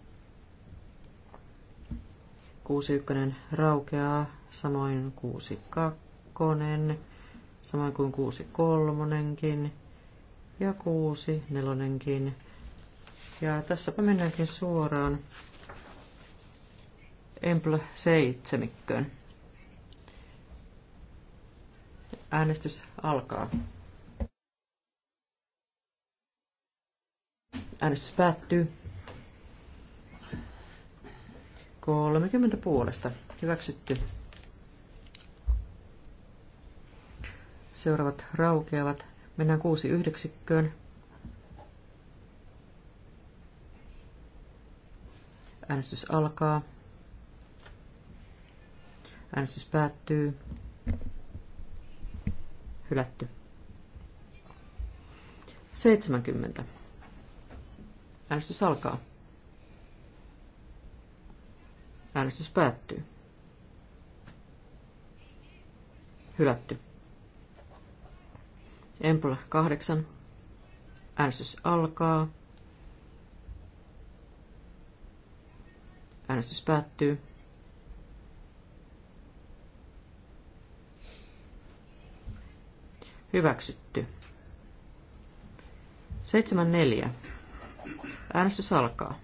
61 raukeaa, samoin 62 samoin kuin kuusi kolmonenkin ja kuusi nelonenkin. Ja tässäpä mennäänkin suoraan Emple 7. Äänestys alkaa. Äänestys päättyy. 30 puolesta. Hyväksytty. Seuraavat raukeavat. Mennään kuusi yhdeksikköön. Äänestys alkaa. Äänestys päättyy. Hylätty. 70. Äänestys alkaa. Äänestys päättyy. Hylätty. Empla 8. Äänestys alkaa. Äänestys päättyy. Hyväksytty. 7.4. Äänestys alkaa.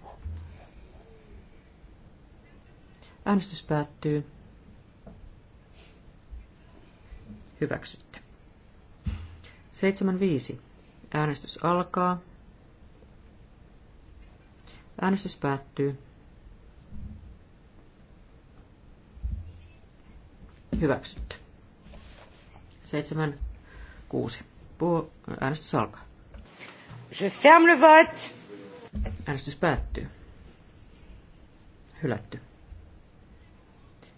Äänestys päättyy. Hyväksytty. 75. Äänestys alkaa. Äänestys päättyy. Hyväksytty. 76. 6. äänestys alkaa. Je ferme le vote. Äänestys päättyy. Hylätty.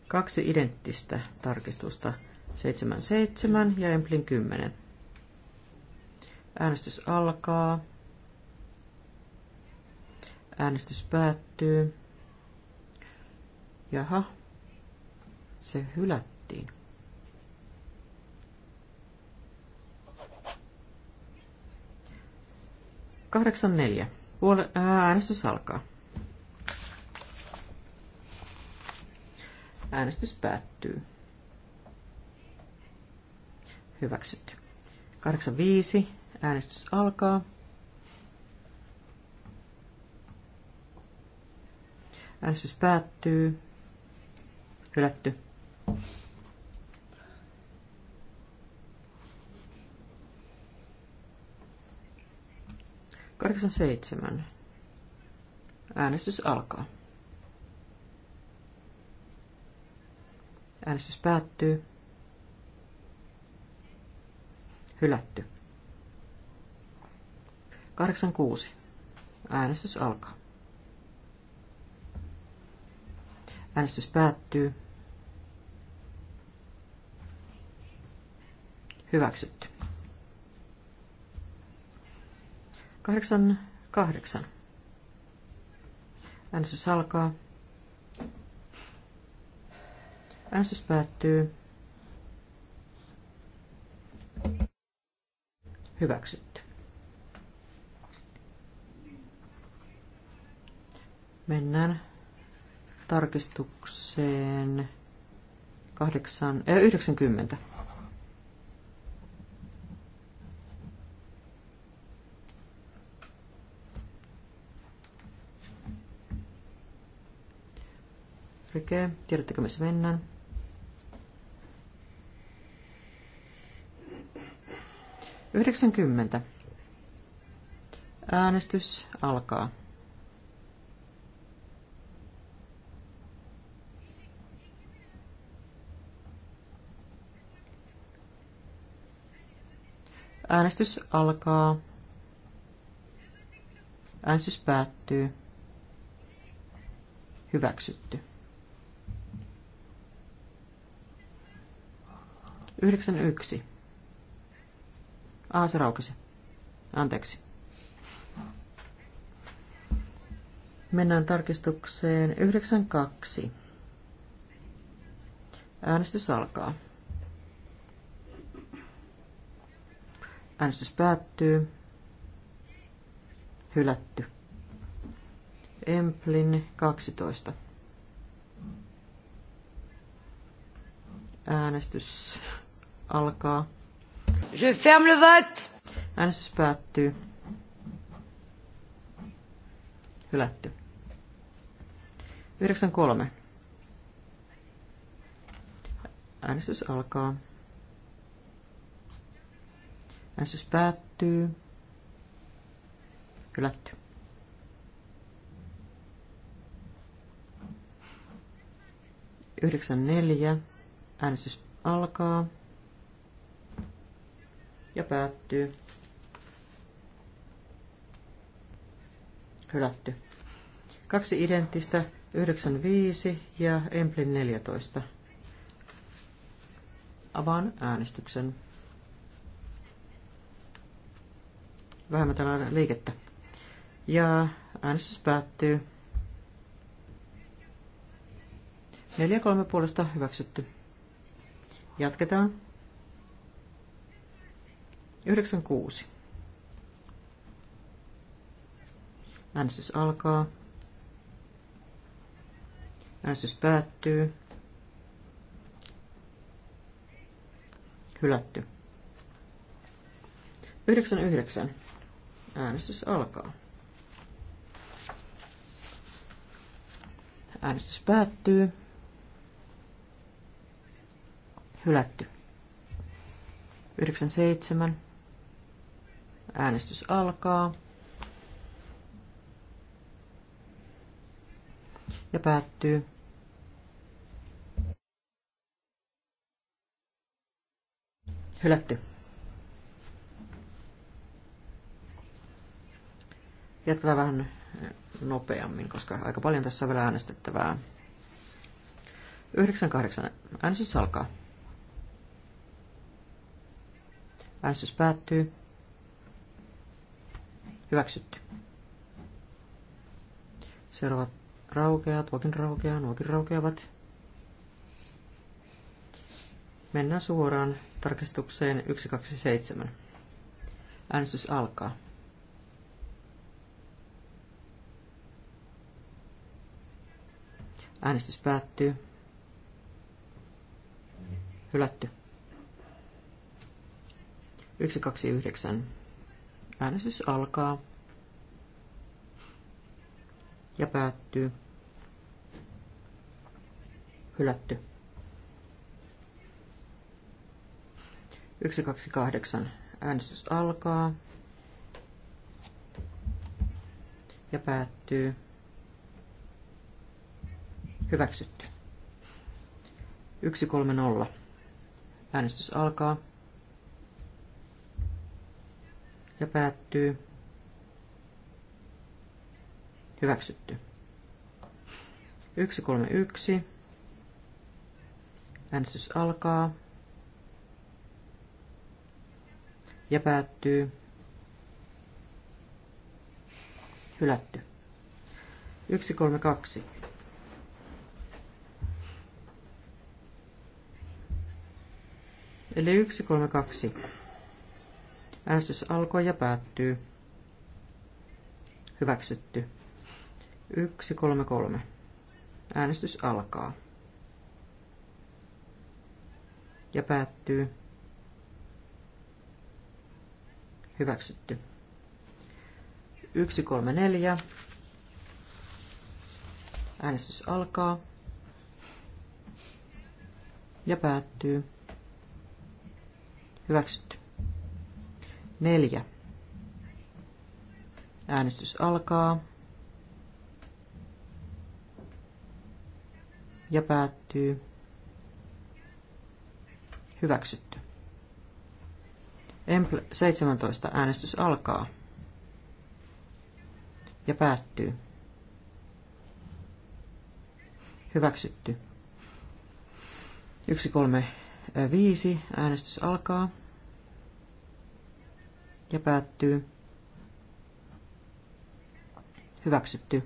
Kaksi identtistä tarkistusta. 77 ja Emplin 10 Äänestys alkaa. Äänestys päättyy. Jaha, se hylättiin. Kahdeksan neljä. Puole- äänestys alkaa. Äänestys päättyy. Hyväksytty. 85 Äänestys alkaa. Äänestys päättyy. Hylätty. Kahdeksan seitsemän. Äänestys alkaa. Äänestys päättyy. Hylätty. 86. Äänestys alkaa. Äänestys päättyy. Hyväksytty. 88. Äänestys alkaa. Äänestys päättyy. Hyväksytty. Mennään tarkistukseen 8, äh, 90. Rike, tiedättekö missä mennään? Yhdeksänkymmentä. Äänestys alkaa. Äänestys alkaa. Äänestys päättyy. Hyväksytty. 91. Aha, se raukesi. Anteeksi. Mennään tarkistukseen 92. Äänestys alkaa. 9.2. Äänestys päättyy. Hylätty. Emplin 12. Äänestys alkaa. Je ferme le vote. Äänestys päättyy. Hylätty. 93. Äänestys alkaa. Äänestys päättyy. Hylätty. Yhdeksän neljä. Äänestys alkaa. Ja päättyy. Hylätty. Kaksi identtistä. viisi ja Emplin neljätoista. Avaan äänestyksen. vähemmät liikettä. Ja äänestys päättyy. 4-3 puolesta hyväksytty. Jatketaan. kuusi. Äänestys alkaa. Äänestys päättyy. Hylätty. 99. Äänestys alkaa. Äänestys päättyy. Hylätty. 97. Äänestys alkaa. Ja päättyy. Hylätty. Jatketaan vähän nopeammin, koska aika paljon tässä on vielä äänestettävää. 9.8. Äänestys alkaa. Äänestys päättyy. Hyväksytty. Seuraavat raukeat, tuokin raukeaa, nuokin raukeavat. Mennään suoraan tarkistukseen 127. Äänestys alkaa. Äänestys päättyy. Hylätty. 129. Äänestys alkaa ja päättyy. Hylätty. 128. Äänestys alkaa ja päättyy. Hyväksytty. 130. Äänestys alkaa. Ja päättyy. Hyväksytty. 131. Äänestys alkaa. Ja päättyy. Hylätty. 132. Eli 132. Äänestys alkoi ja päättyy. Hyväksytty. 133. Äänestys alkaa. Ja päättyy. Hyväksytty. 134. Äänestys alkaa. Ja päättyy. Hyväksytty. Neljä. Äänestys alkaa. Ja päättyy. Hyväksytty. Empl 17. Äänestys alkaa. Ja päättyy. Hyväksytty. 1, 3, 5. Äänestys alkaa ja päättyy. Hyväksytty.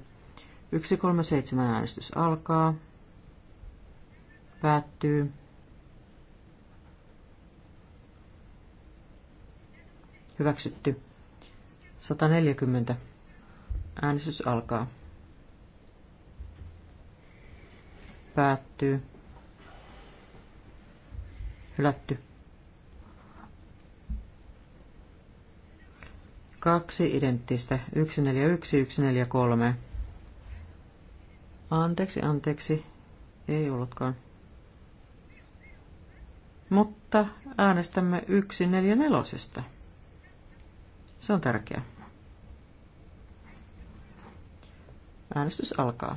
137 äänestys alkaa. Päättyy. Hyväksytty. 140. Äänestys alkaa. Päättyy. Hylätty. Kaksi identtistä. 141, 143. Anteeksi, anteeksi. Ei ollutkaan. Mutta äänestämme 144. Se on tärkeää. Äänestys alkaa.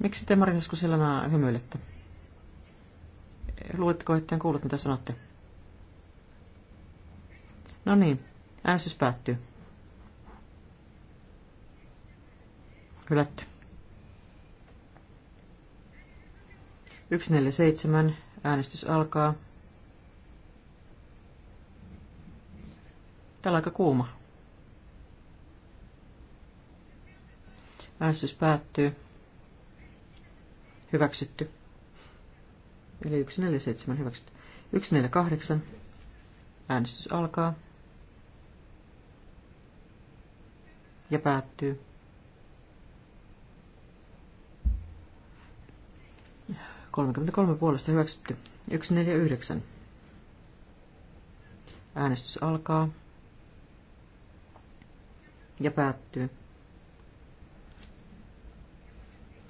Miksi te Marinesku nämä hymyilette? Luuletteko, että en kuullut, mitä sanotte? No niin, äänestys päättyy. Hylätty. 147, äänestys alkaa. Täällä on aika kuuma. Äänestys päättyy hyväksytty. Eli 147 hyväksytty. 148. Äänestys alkaa. Ja päättyy. Kolmekymmentäkolme puolesta hyväksytty. 149. Äänestys alkaa. Ja päättyy.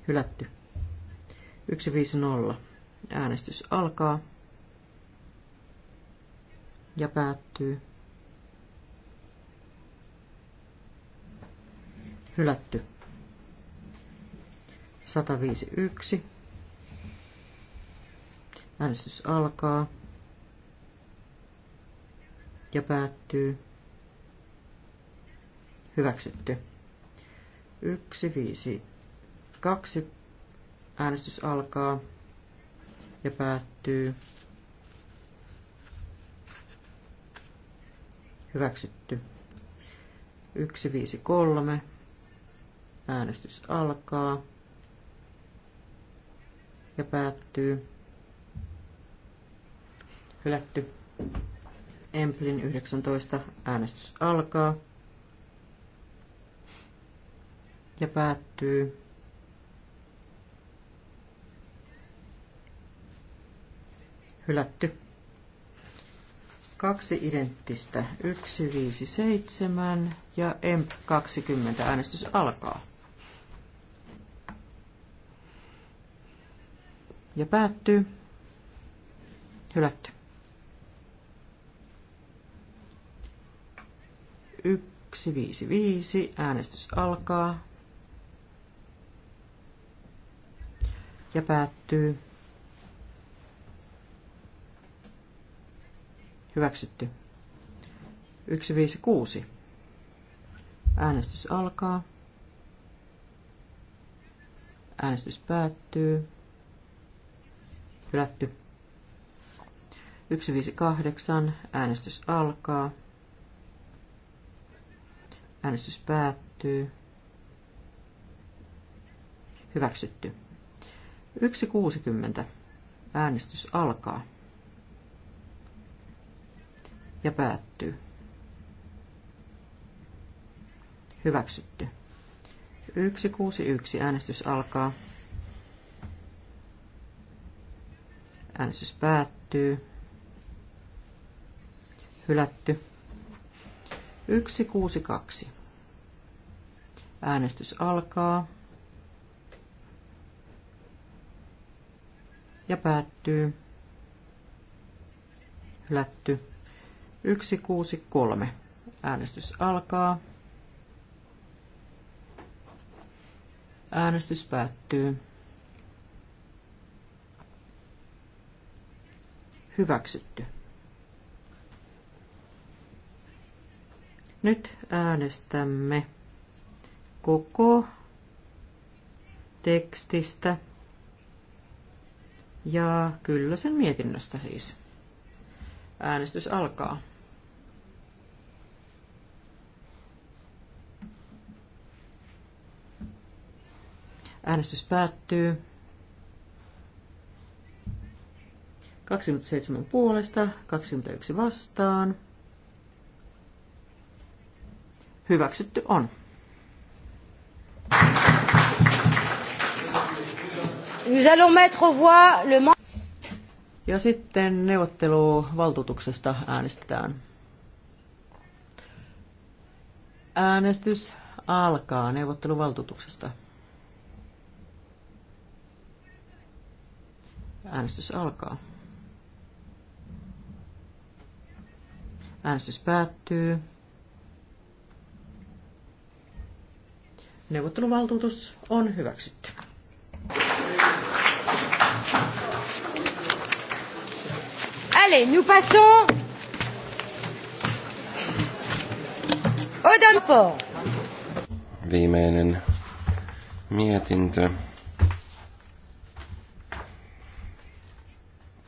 Hylätty. 150. Äänestys alkaa ja päättyy. Hylätty. 151. Äänestys alkaa ja päättyy. Hyväksytty. 152. Äänestys alkaa ja päättyy. Hyväksytty. 153. Äänestys alkaa ja päättyy. Hylätty. Emplin 19. Äänestys alkaa ja päättyy. hylätty. Kaksi identtistä, 157 ja EMP20. Äänestys alkaa. Ja päättyy. Hylätty. Yksi, viisi, viisi. Äänestys alkaa. Ja päättyy. Hyväksytty. 156. Äänestys alkaa. Äänestys päättyy. Hylätty. 158. Äänestys alkaa. Äänestys päättyy. Hyväksytty. 1.60. Äänestys alkaa ja päättyy. Hyväksytty. 161. Äänestys alkaa. Äänestys päättyy. Hylätty. 162. Äänestys alkaa. Ja päättyy. Hylätty. 163. Äänestys alkaa. Äänestys päättyy. Hyväksytty. Nyt äänestämme koko tekstistä ja kyllä sen mietinnöstä siis. Äänestys alkaa. Äänestys päättyy. 27 puolesta, 21 vastaan. Hyväksytty on. Nous allons mettre au le ja sitten neuvottelu valtuutuksesta äänestetään. Äänestys alkaa neuvotteluvaltuutuksesta. Äänestys alkaa. Äänestys päättyy. Neuvotteluvaltuutus on hyväksytty. Allez, nous passons au Viimeinen mietintö.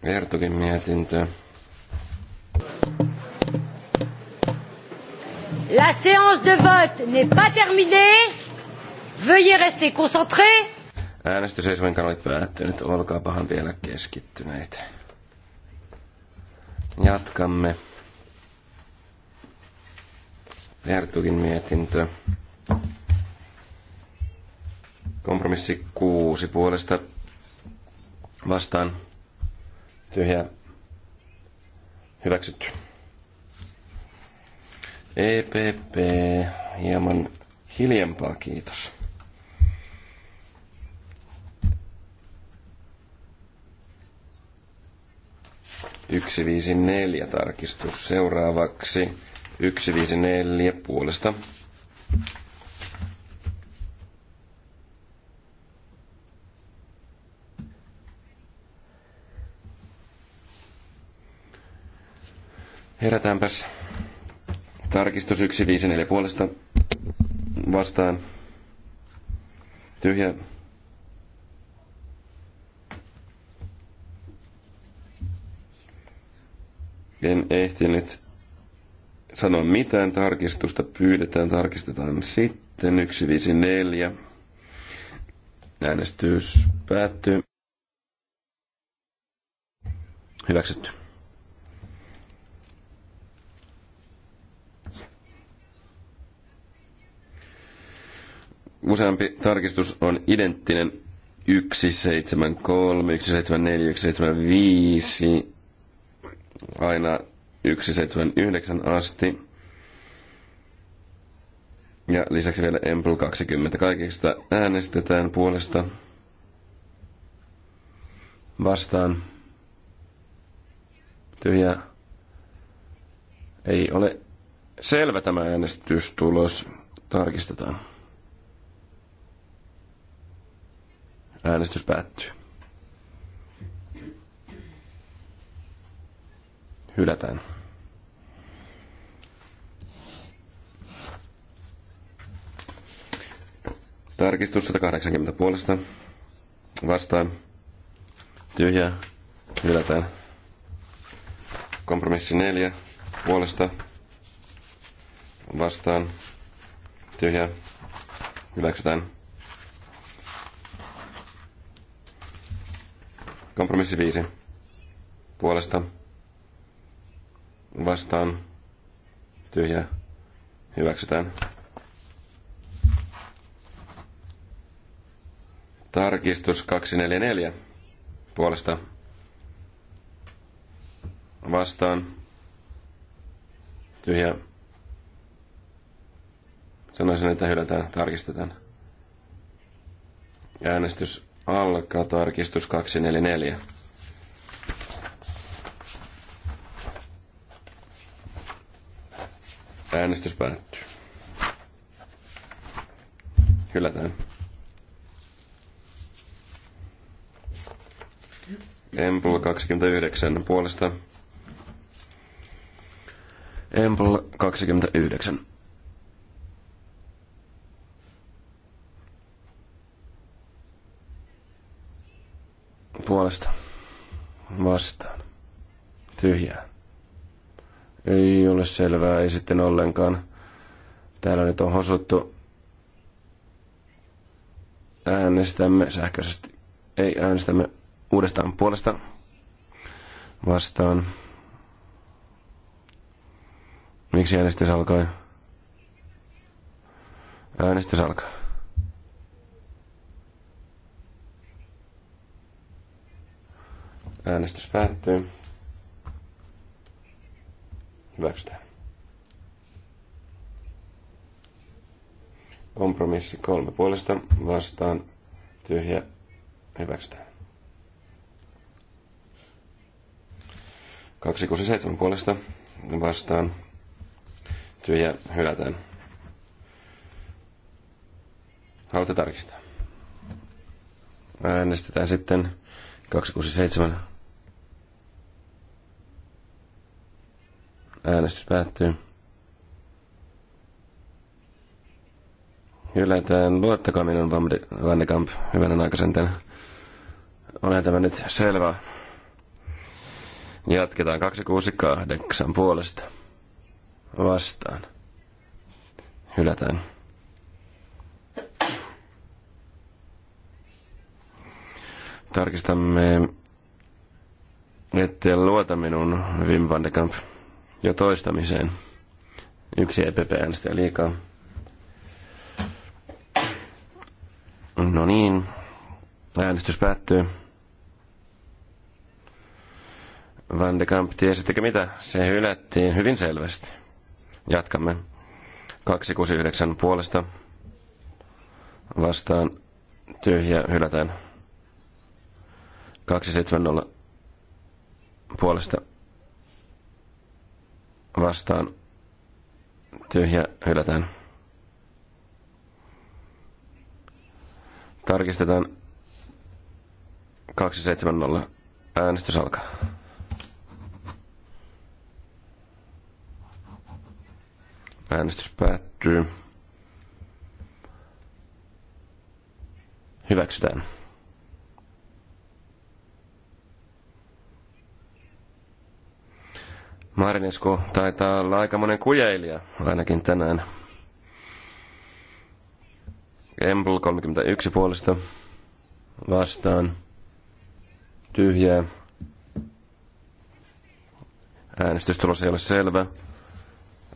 Ertugin mietintö. La séance de vote n'est pas terminée. Veuillez rester concentré. Äänestys ei suinkaan ole päättynyt. Olkaapahan vielä keskittyneitä. Jatkamme. Vertukin mietintö. Kompromissi kuusi puolesta vastaan tyhjä Hyväksytty. EPP. Hieman hiljempaa, kiitos. Yksi viisi neljä tarkistus seuraavaksi. Yksi viisi neljä puolesta Herätäänpäs. Tarkistus 154 puolesta vastaan. Tyhjä. En ehtinyt sanoa mitään tarkistusta. Pyydetään, tarkistetaan sitten. 154. Äänestys päättyy. Hyväksytty. Useampi tarkistus on identtinen 173, 174, 175, aina 179 asti. Ja lisäksi vielä Empl 20. Kaikista äänestetään puolesta vastaan. Tyhjä. Ei ole selvä tämä äänestystulos. Tarkistetaan. Äänestys päättyy. Hylätään. Tarkistus 180 puolesta. Vastaan. Tyhjää. Hylätään. Kompromissi 4 puolesta. Vastaan. Tyhjää. Hyväksytään. Kompromissi 5. Puolesta. Vastaan. tyhjä Hyväksytään. Tarkistus 244. Puolesta. Vastaan. tyhjä. Sanoisin, että hylätään, tarkistetaan. Äänestys alkaa tarkistus 244. Äänestys päättyy. Hylätään. Empul 29 puolesta. Empul 29. puolesta vastaan. Tyhjää. Ei ole selvää, ei sitten ollenkaan. Täällä nyt on hosuttu. Äänestämme sähköisesti. Ei, äänestämme uudestaan puolesta vastaan. Miksi äänestys alkoi? Äänestys alkaa. Äänestys päättyy. Hyväksytään. Kompromissi kolme puolesta vastaan tyhjä hyväksytään. 267 puolesta vastaan tyhjä hylätään. Haluatte tarkistaa. Äänestetään sitten 267 Äänestys päättyy. Hylätään. Luottakaa minun, Vannekamp, hyvänä aikaisenten. Olen tämä nyt selvä. Jatketaan 268 puolesta. Vastaan. Hylätään. Tarkistamme, ettei luota minun, Wim van de Kamp jo toistamiseen. Yksi EPP äänestää liikaa. No niin, äänestys päättyy. Van de Kamp, tiesittekö mitä? Se hylättiin hyvin selvästi. Jatkamme. 269 puolesta vastaan tyhjä hylätään. 270 puolesta vastaan tyhjä hylätään. Tarkistetaan 270. Äänestys alkaa. Äänestys päättyy. Hyväksytään. Marinesku taitaa olla aikamoinen kujeilija, ainakin tänään. Emble 31 puolesta vastaan. Tyhjää. Äänestystulos ei ole selvä.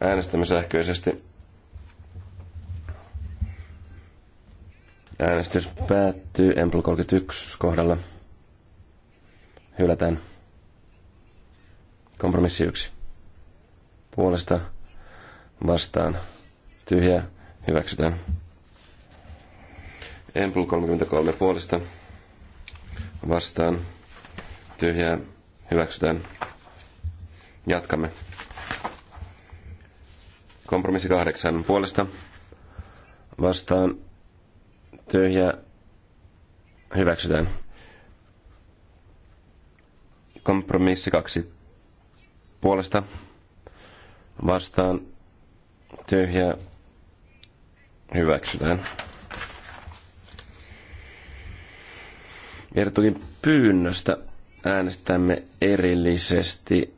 Äänestämisähköisesti. Äänestys päättyy Empl 31 kohdalla. Hylätään. Kompromissi yksi. Puolesta vastaan tyhjä hyväksytään. Empul 33 puolesta vastaan tyhjää hyväksytään. Jatkamme. Kompromissi kahdeksan puolesta vastaan Tyhjä hyväksytään. Kompromissi kaksi puolesta vastaan tyhjää hyväksytään. Ertugin pyynnöstä äänestämme erillisesti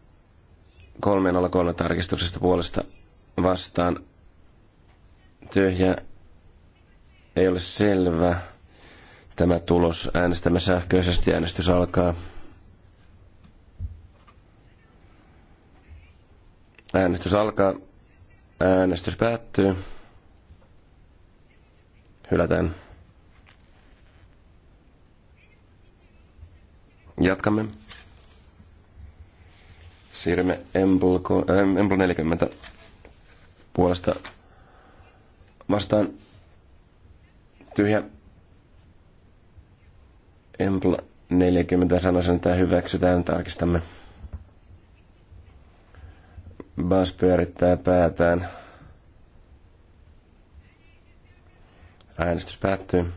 303 tarkistuksesta puolesta vastaan. Tyhjä ei ole selvä tämä tulos. Äänestämme sähköisesti. Äänestys alkaa. Äänestys alkaa. Äänestys päättyy. Hylätään. Jatkamme. Siirrymme Embl, Embl 40 puolesta vastaan tyhjä Embl 40 sanoisin, että hyväksytään, tarkistamme. Bas pyörittää päätään. Äänestys päättyy.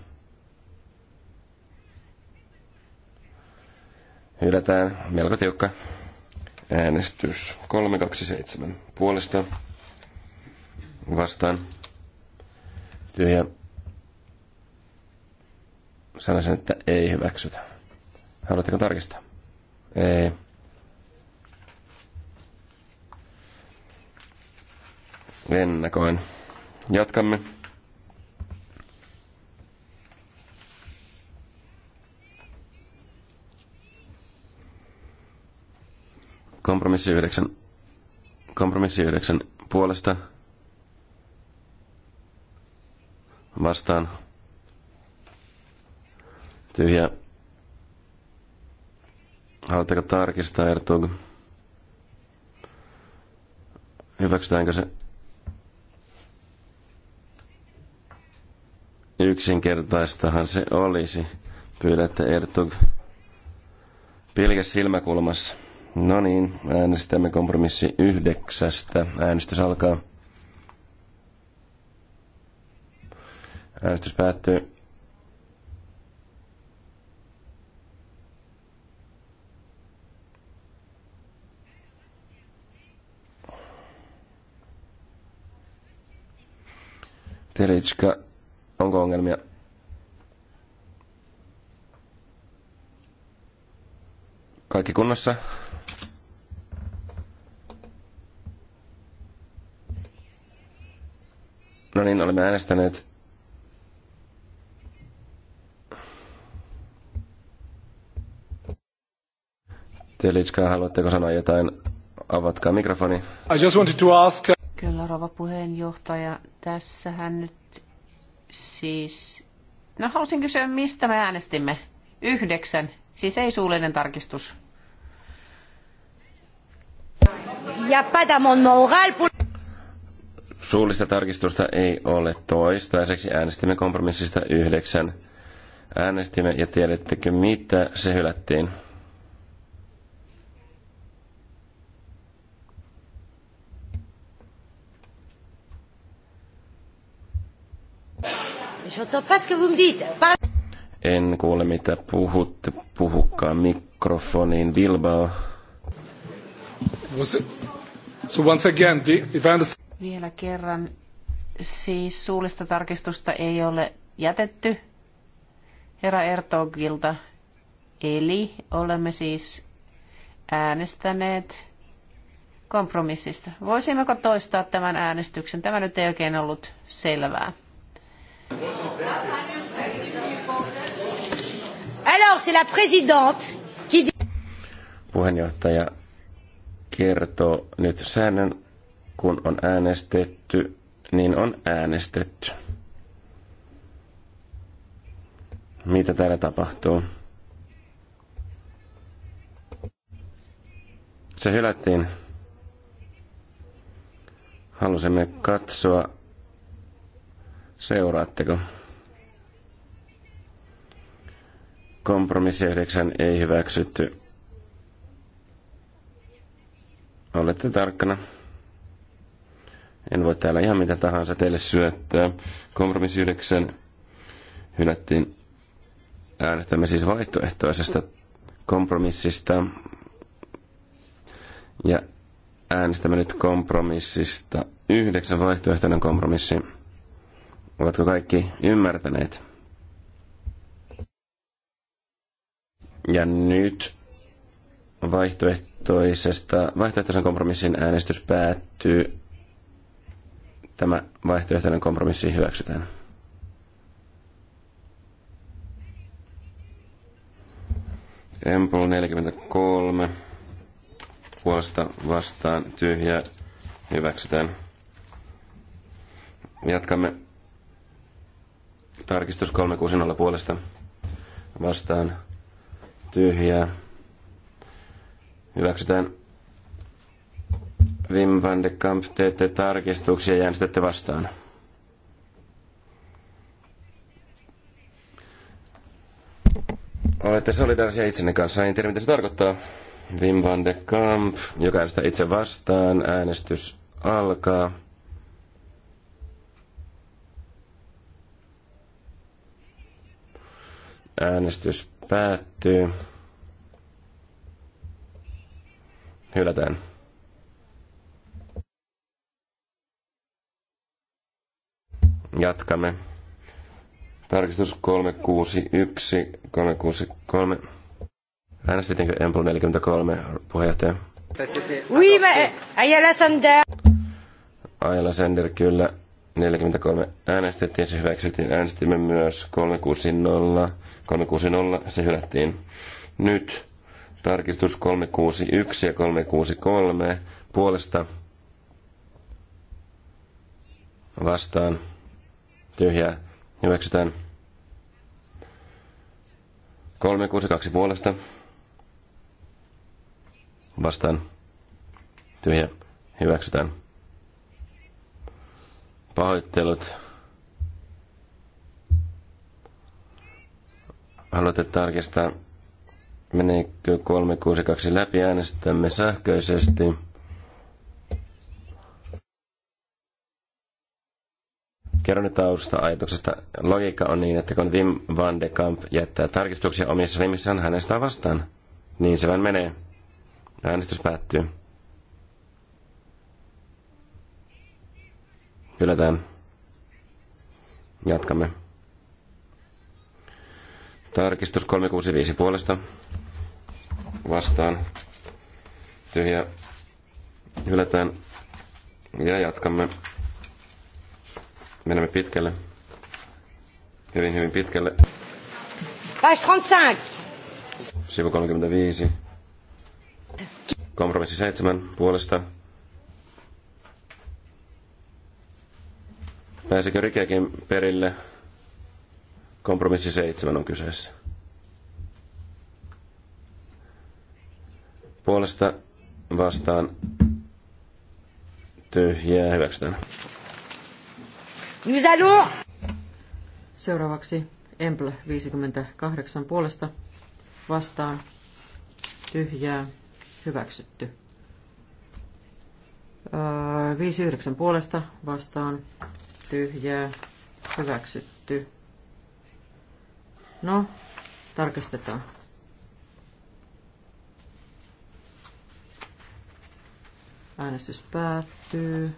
Hylätään melko tiukka äänestys. 327 puolesta vastaan. Tyhjä. Sanoisin, että ei hyväksytä. Haluatteko tarkistaa? Ei. ennakoin. Jatkamme. Kompromissi 9. Kompromissi 9 puolesta vastaan tyhjä. Haluatteko tarkistaa, Ertug? Hyväksytäänkö se? Yksinkertaistahan se olisi. Pyydätte Ertug pilkäs silmäkulmassa. No niin, äänestämme kompromissi yhdeksästä. Äänestys alkaa. Äänestys päättyy. Teritska Onko ongelmia? Kaikki kunnossa? No niin, olemme äänestäneet. Telitska, haluatteko sanoa jotain? Avatkaa mikrofoni. I just wanted to ask... Kyllä, rouva puheenjohtaja. Tässähän nyt Siis, no halusin kysyä, mistä me äänestimme? Yhdeksän, siis ei suullinen tarkistus. Ja Suullista tarkistusta ei ole toistaiseksi. Äänestimme kompromissista yhdeksän. Äänestimme ja tiedättekö mitä? Se hylättiin. En kuule mitä puhutte. Puhukaa mikrofoniin. Bilbao. So once again, if I Vielä kerran. Siis suullista tarkistusta ei ole jätetty herra Ertogilta. Eli olemme siis äänestäneet kompromissista. Voisimmeko toistaa tämän äänestyksen? Tämä nyt ei oikein ollut selvää. Alors, c'est la présidente qui dit... Puheenjohtaja kertoo nyt säännön, kun on äänestetty, niin on äänestetty. Mitä täällä tapahtuu? Se hylättiin. Halusimme katsoa Seuraatteko? Kompromissi 9 ei hyväksytty. Olette tarkkana. En voi täällä ihan mitä tahansa teille syöttää. Kompromissi 9 hylättiin. Äänestämme siis vaihtoehtoisesta kompromissista. Ja äänestämme nyt kompromissista. Yhdeksän vaihtoehtoinen kompromissi. Ovatko kaikki ymmärtäneet? Ja nyt vaihtoehtoisesta, vaihtoehtoisen kompromissin äänestys päättyy. Tämä vaihtoehtoinen kompromissi hyväksytään. Empol 43 puolesta vastaan tyhjä hyväksytään. Jatkamme Tarkistus 360 puolesta vastaan tyhjää. Hyväksytään Wim van de Kamp, teette tarkistuksia ja äänestätte vastaan. Olette solidaarisia itsenne kanssa, en tiedä mitä se tarkoittaa. Wim van de Kamp, joka äänestää itse vastaan, äänestys alkaa. Äänestys päättyy. Hylätään. Jatkamme. Tarkistus 361, 363. Äänestitinkö Empel 43 puheenjohtaja? Oui, mä Ajala Sander. Ajala Sander, kyllä. 43 äänestettiin, se hyväksyttiin. Äänestimme myös 360, 360 se hylättiin. Nyt tarkistus 361 ja 363 puolesta vastaan tyhjää hyväksytään. 362 puolesta vastaan tyhjä hyväksytään. Pahoittelut. Haluatte tarkistaa, meneekö 362 läpi? Äänestämme sähköisesti. Kerron nyt tausta-ajatuksesta. Logiikka on niin, että kun Wim van de Kamp jättää tarkistuksia omissa nimissään, hänestä vastaan. Niin se vain menee. Äänestys päättyy. Hylätään. Jatkamme. Tarkistus 365 puolesta. Vastaan. Tyhjä. Hylätään. Ja jatkamme. Menemme pitkälle. Hyvin, hyvin pitkälle. Page 35. Sivu 35. Kompromissi 7 puolesta Pääsikö Rikekin perille? Kompromissi seitsemän on kyseessä. Puolesta vastaan tyhjää hyväksytään. Nous allons... Seuraavaksi Emple 58 puolesta vastaan tyhjää hyväksytty. 59 öö, puolesta vastaan tyhjää, hyväksytty. No, tarkistetaan. Äänestys päättyy.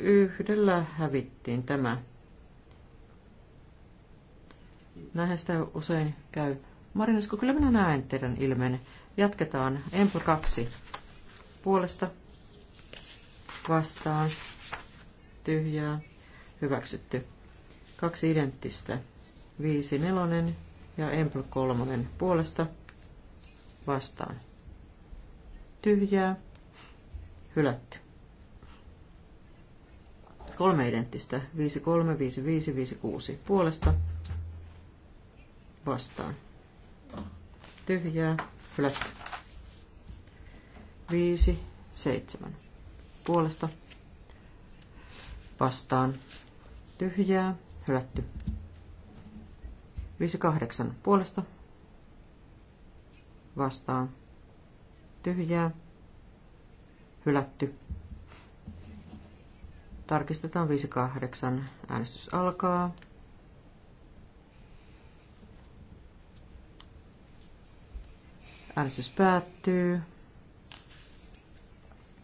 Yhdellä hävittiin tämä. Näinhän sitä usein käy. Marinesko, kyllä minä näen teidän ilmeen. Jatketaan. Empo 2. Puolesta vastaan tyhjää hyväksytty. Kaksi identtistä. Viisi nelonen ja Empl kolmonen puolesta vastaan. Tyhjää hylätty. Kolme identtistä. viisi viisi kolme viisi viisi kuusi puolesta vastaan. Tyhjää hylätty. viisi seitsemän puolesta vastaan tyhjää, hylätty. 58 puolesta vastaan tyhjää, hylätty. Tarkistetaan 58. Äänestys alkaa. Äänestys päättyy.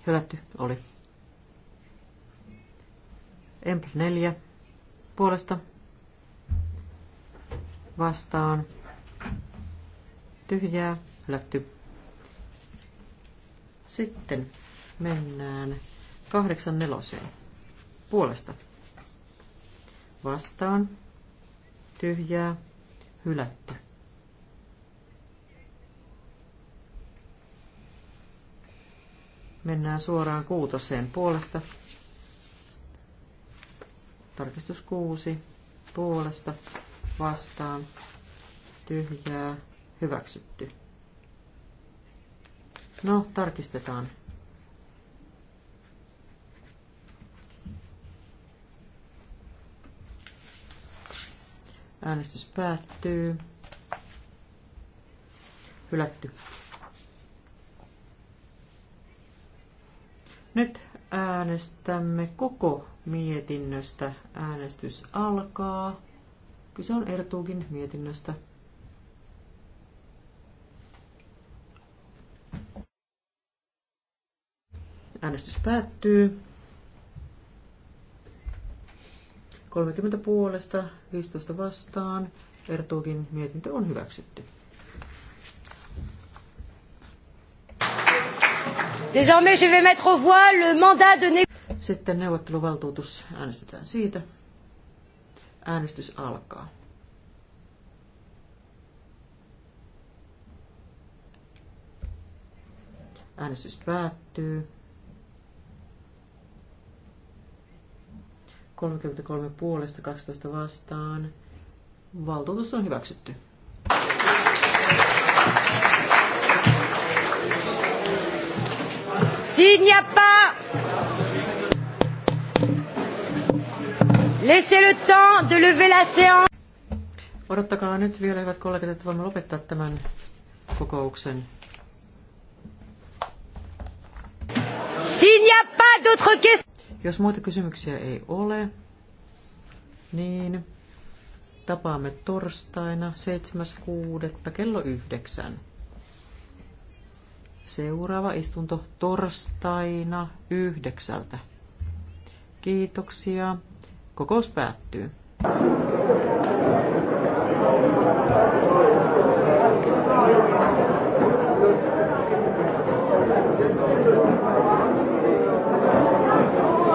Hylätty oli. Empl 4 puolesta vastaan. Tyhjää, hylätty. Sitten mennään kahdeksan neloseen. Puolesta. Vastaan. Tyhjää, hylätty. Mennään suoraan kuutoseen puolesta. Tarkistus kuusi puolesta vastaan tyhjää hyväksytty. No, tarkistetaan. Äänestys päättyy. Hylätty. Nyt äänestämme koko mietinnöstä. Äänestys alkaa. Kyse on Ertuukin mietinnöstä. Äänestys päättyy. 30 puolesta, 15 vastaan. Ertuukin mietintö on hyväksytty. Désormais, je vais mettre au voie le mandat de négociation. Sitten neuvotteluvaltuutus äänestetään siitä. Äänestys alkaa. Äänestys päättyy. 33 puolesta 12 vastaan. Valtuutus on hyväksytty. S'il n'y a pas... Laissez le temps de lever la séance. Odottakaa nyt vielä, hyvät kollegat, että voimme lopettaa tämän kokouksen. S'il n'y a pas d'autres questions... Jos muita kysymyksiä ei ole, niin tapaamme torstaina 7.6. kello 9. Seuraava istunto torstaina yhdeksältä. Kiitoksia. Kokous päättyy.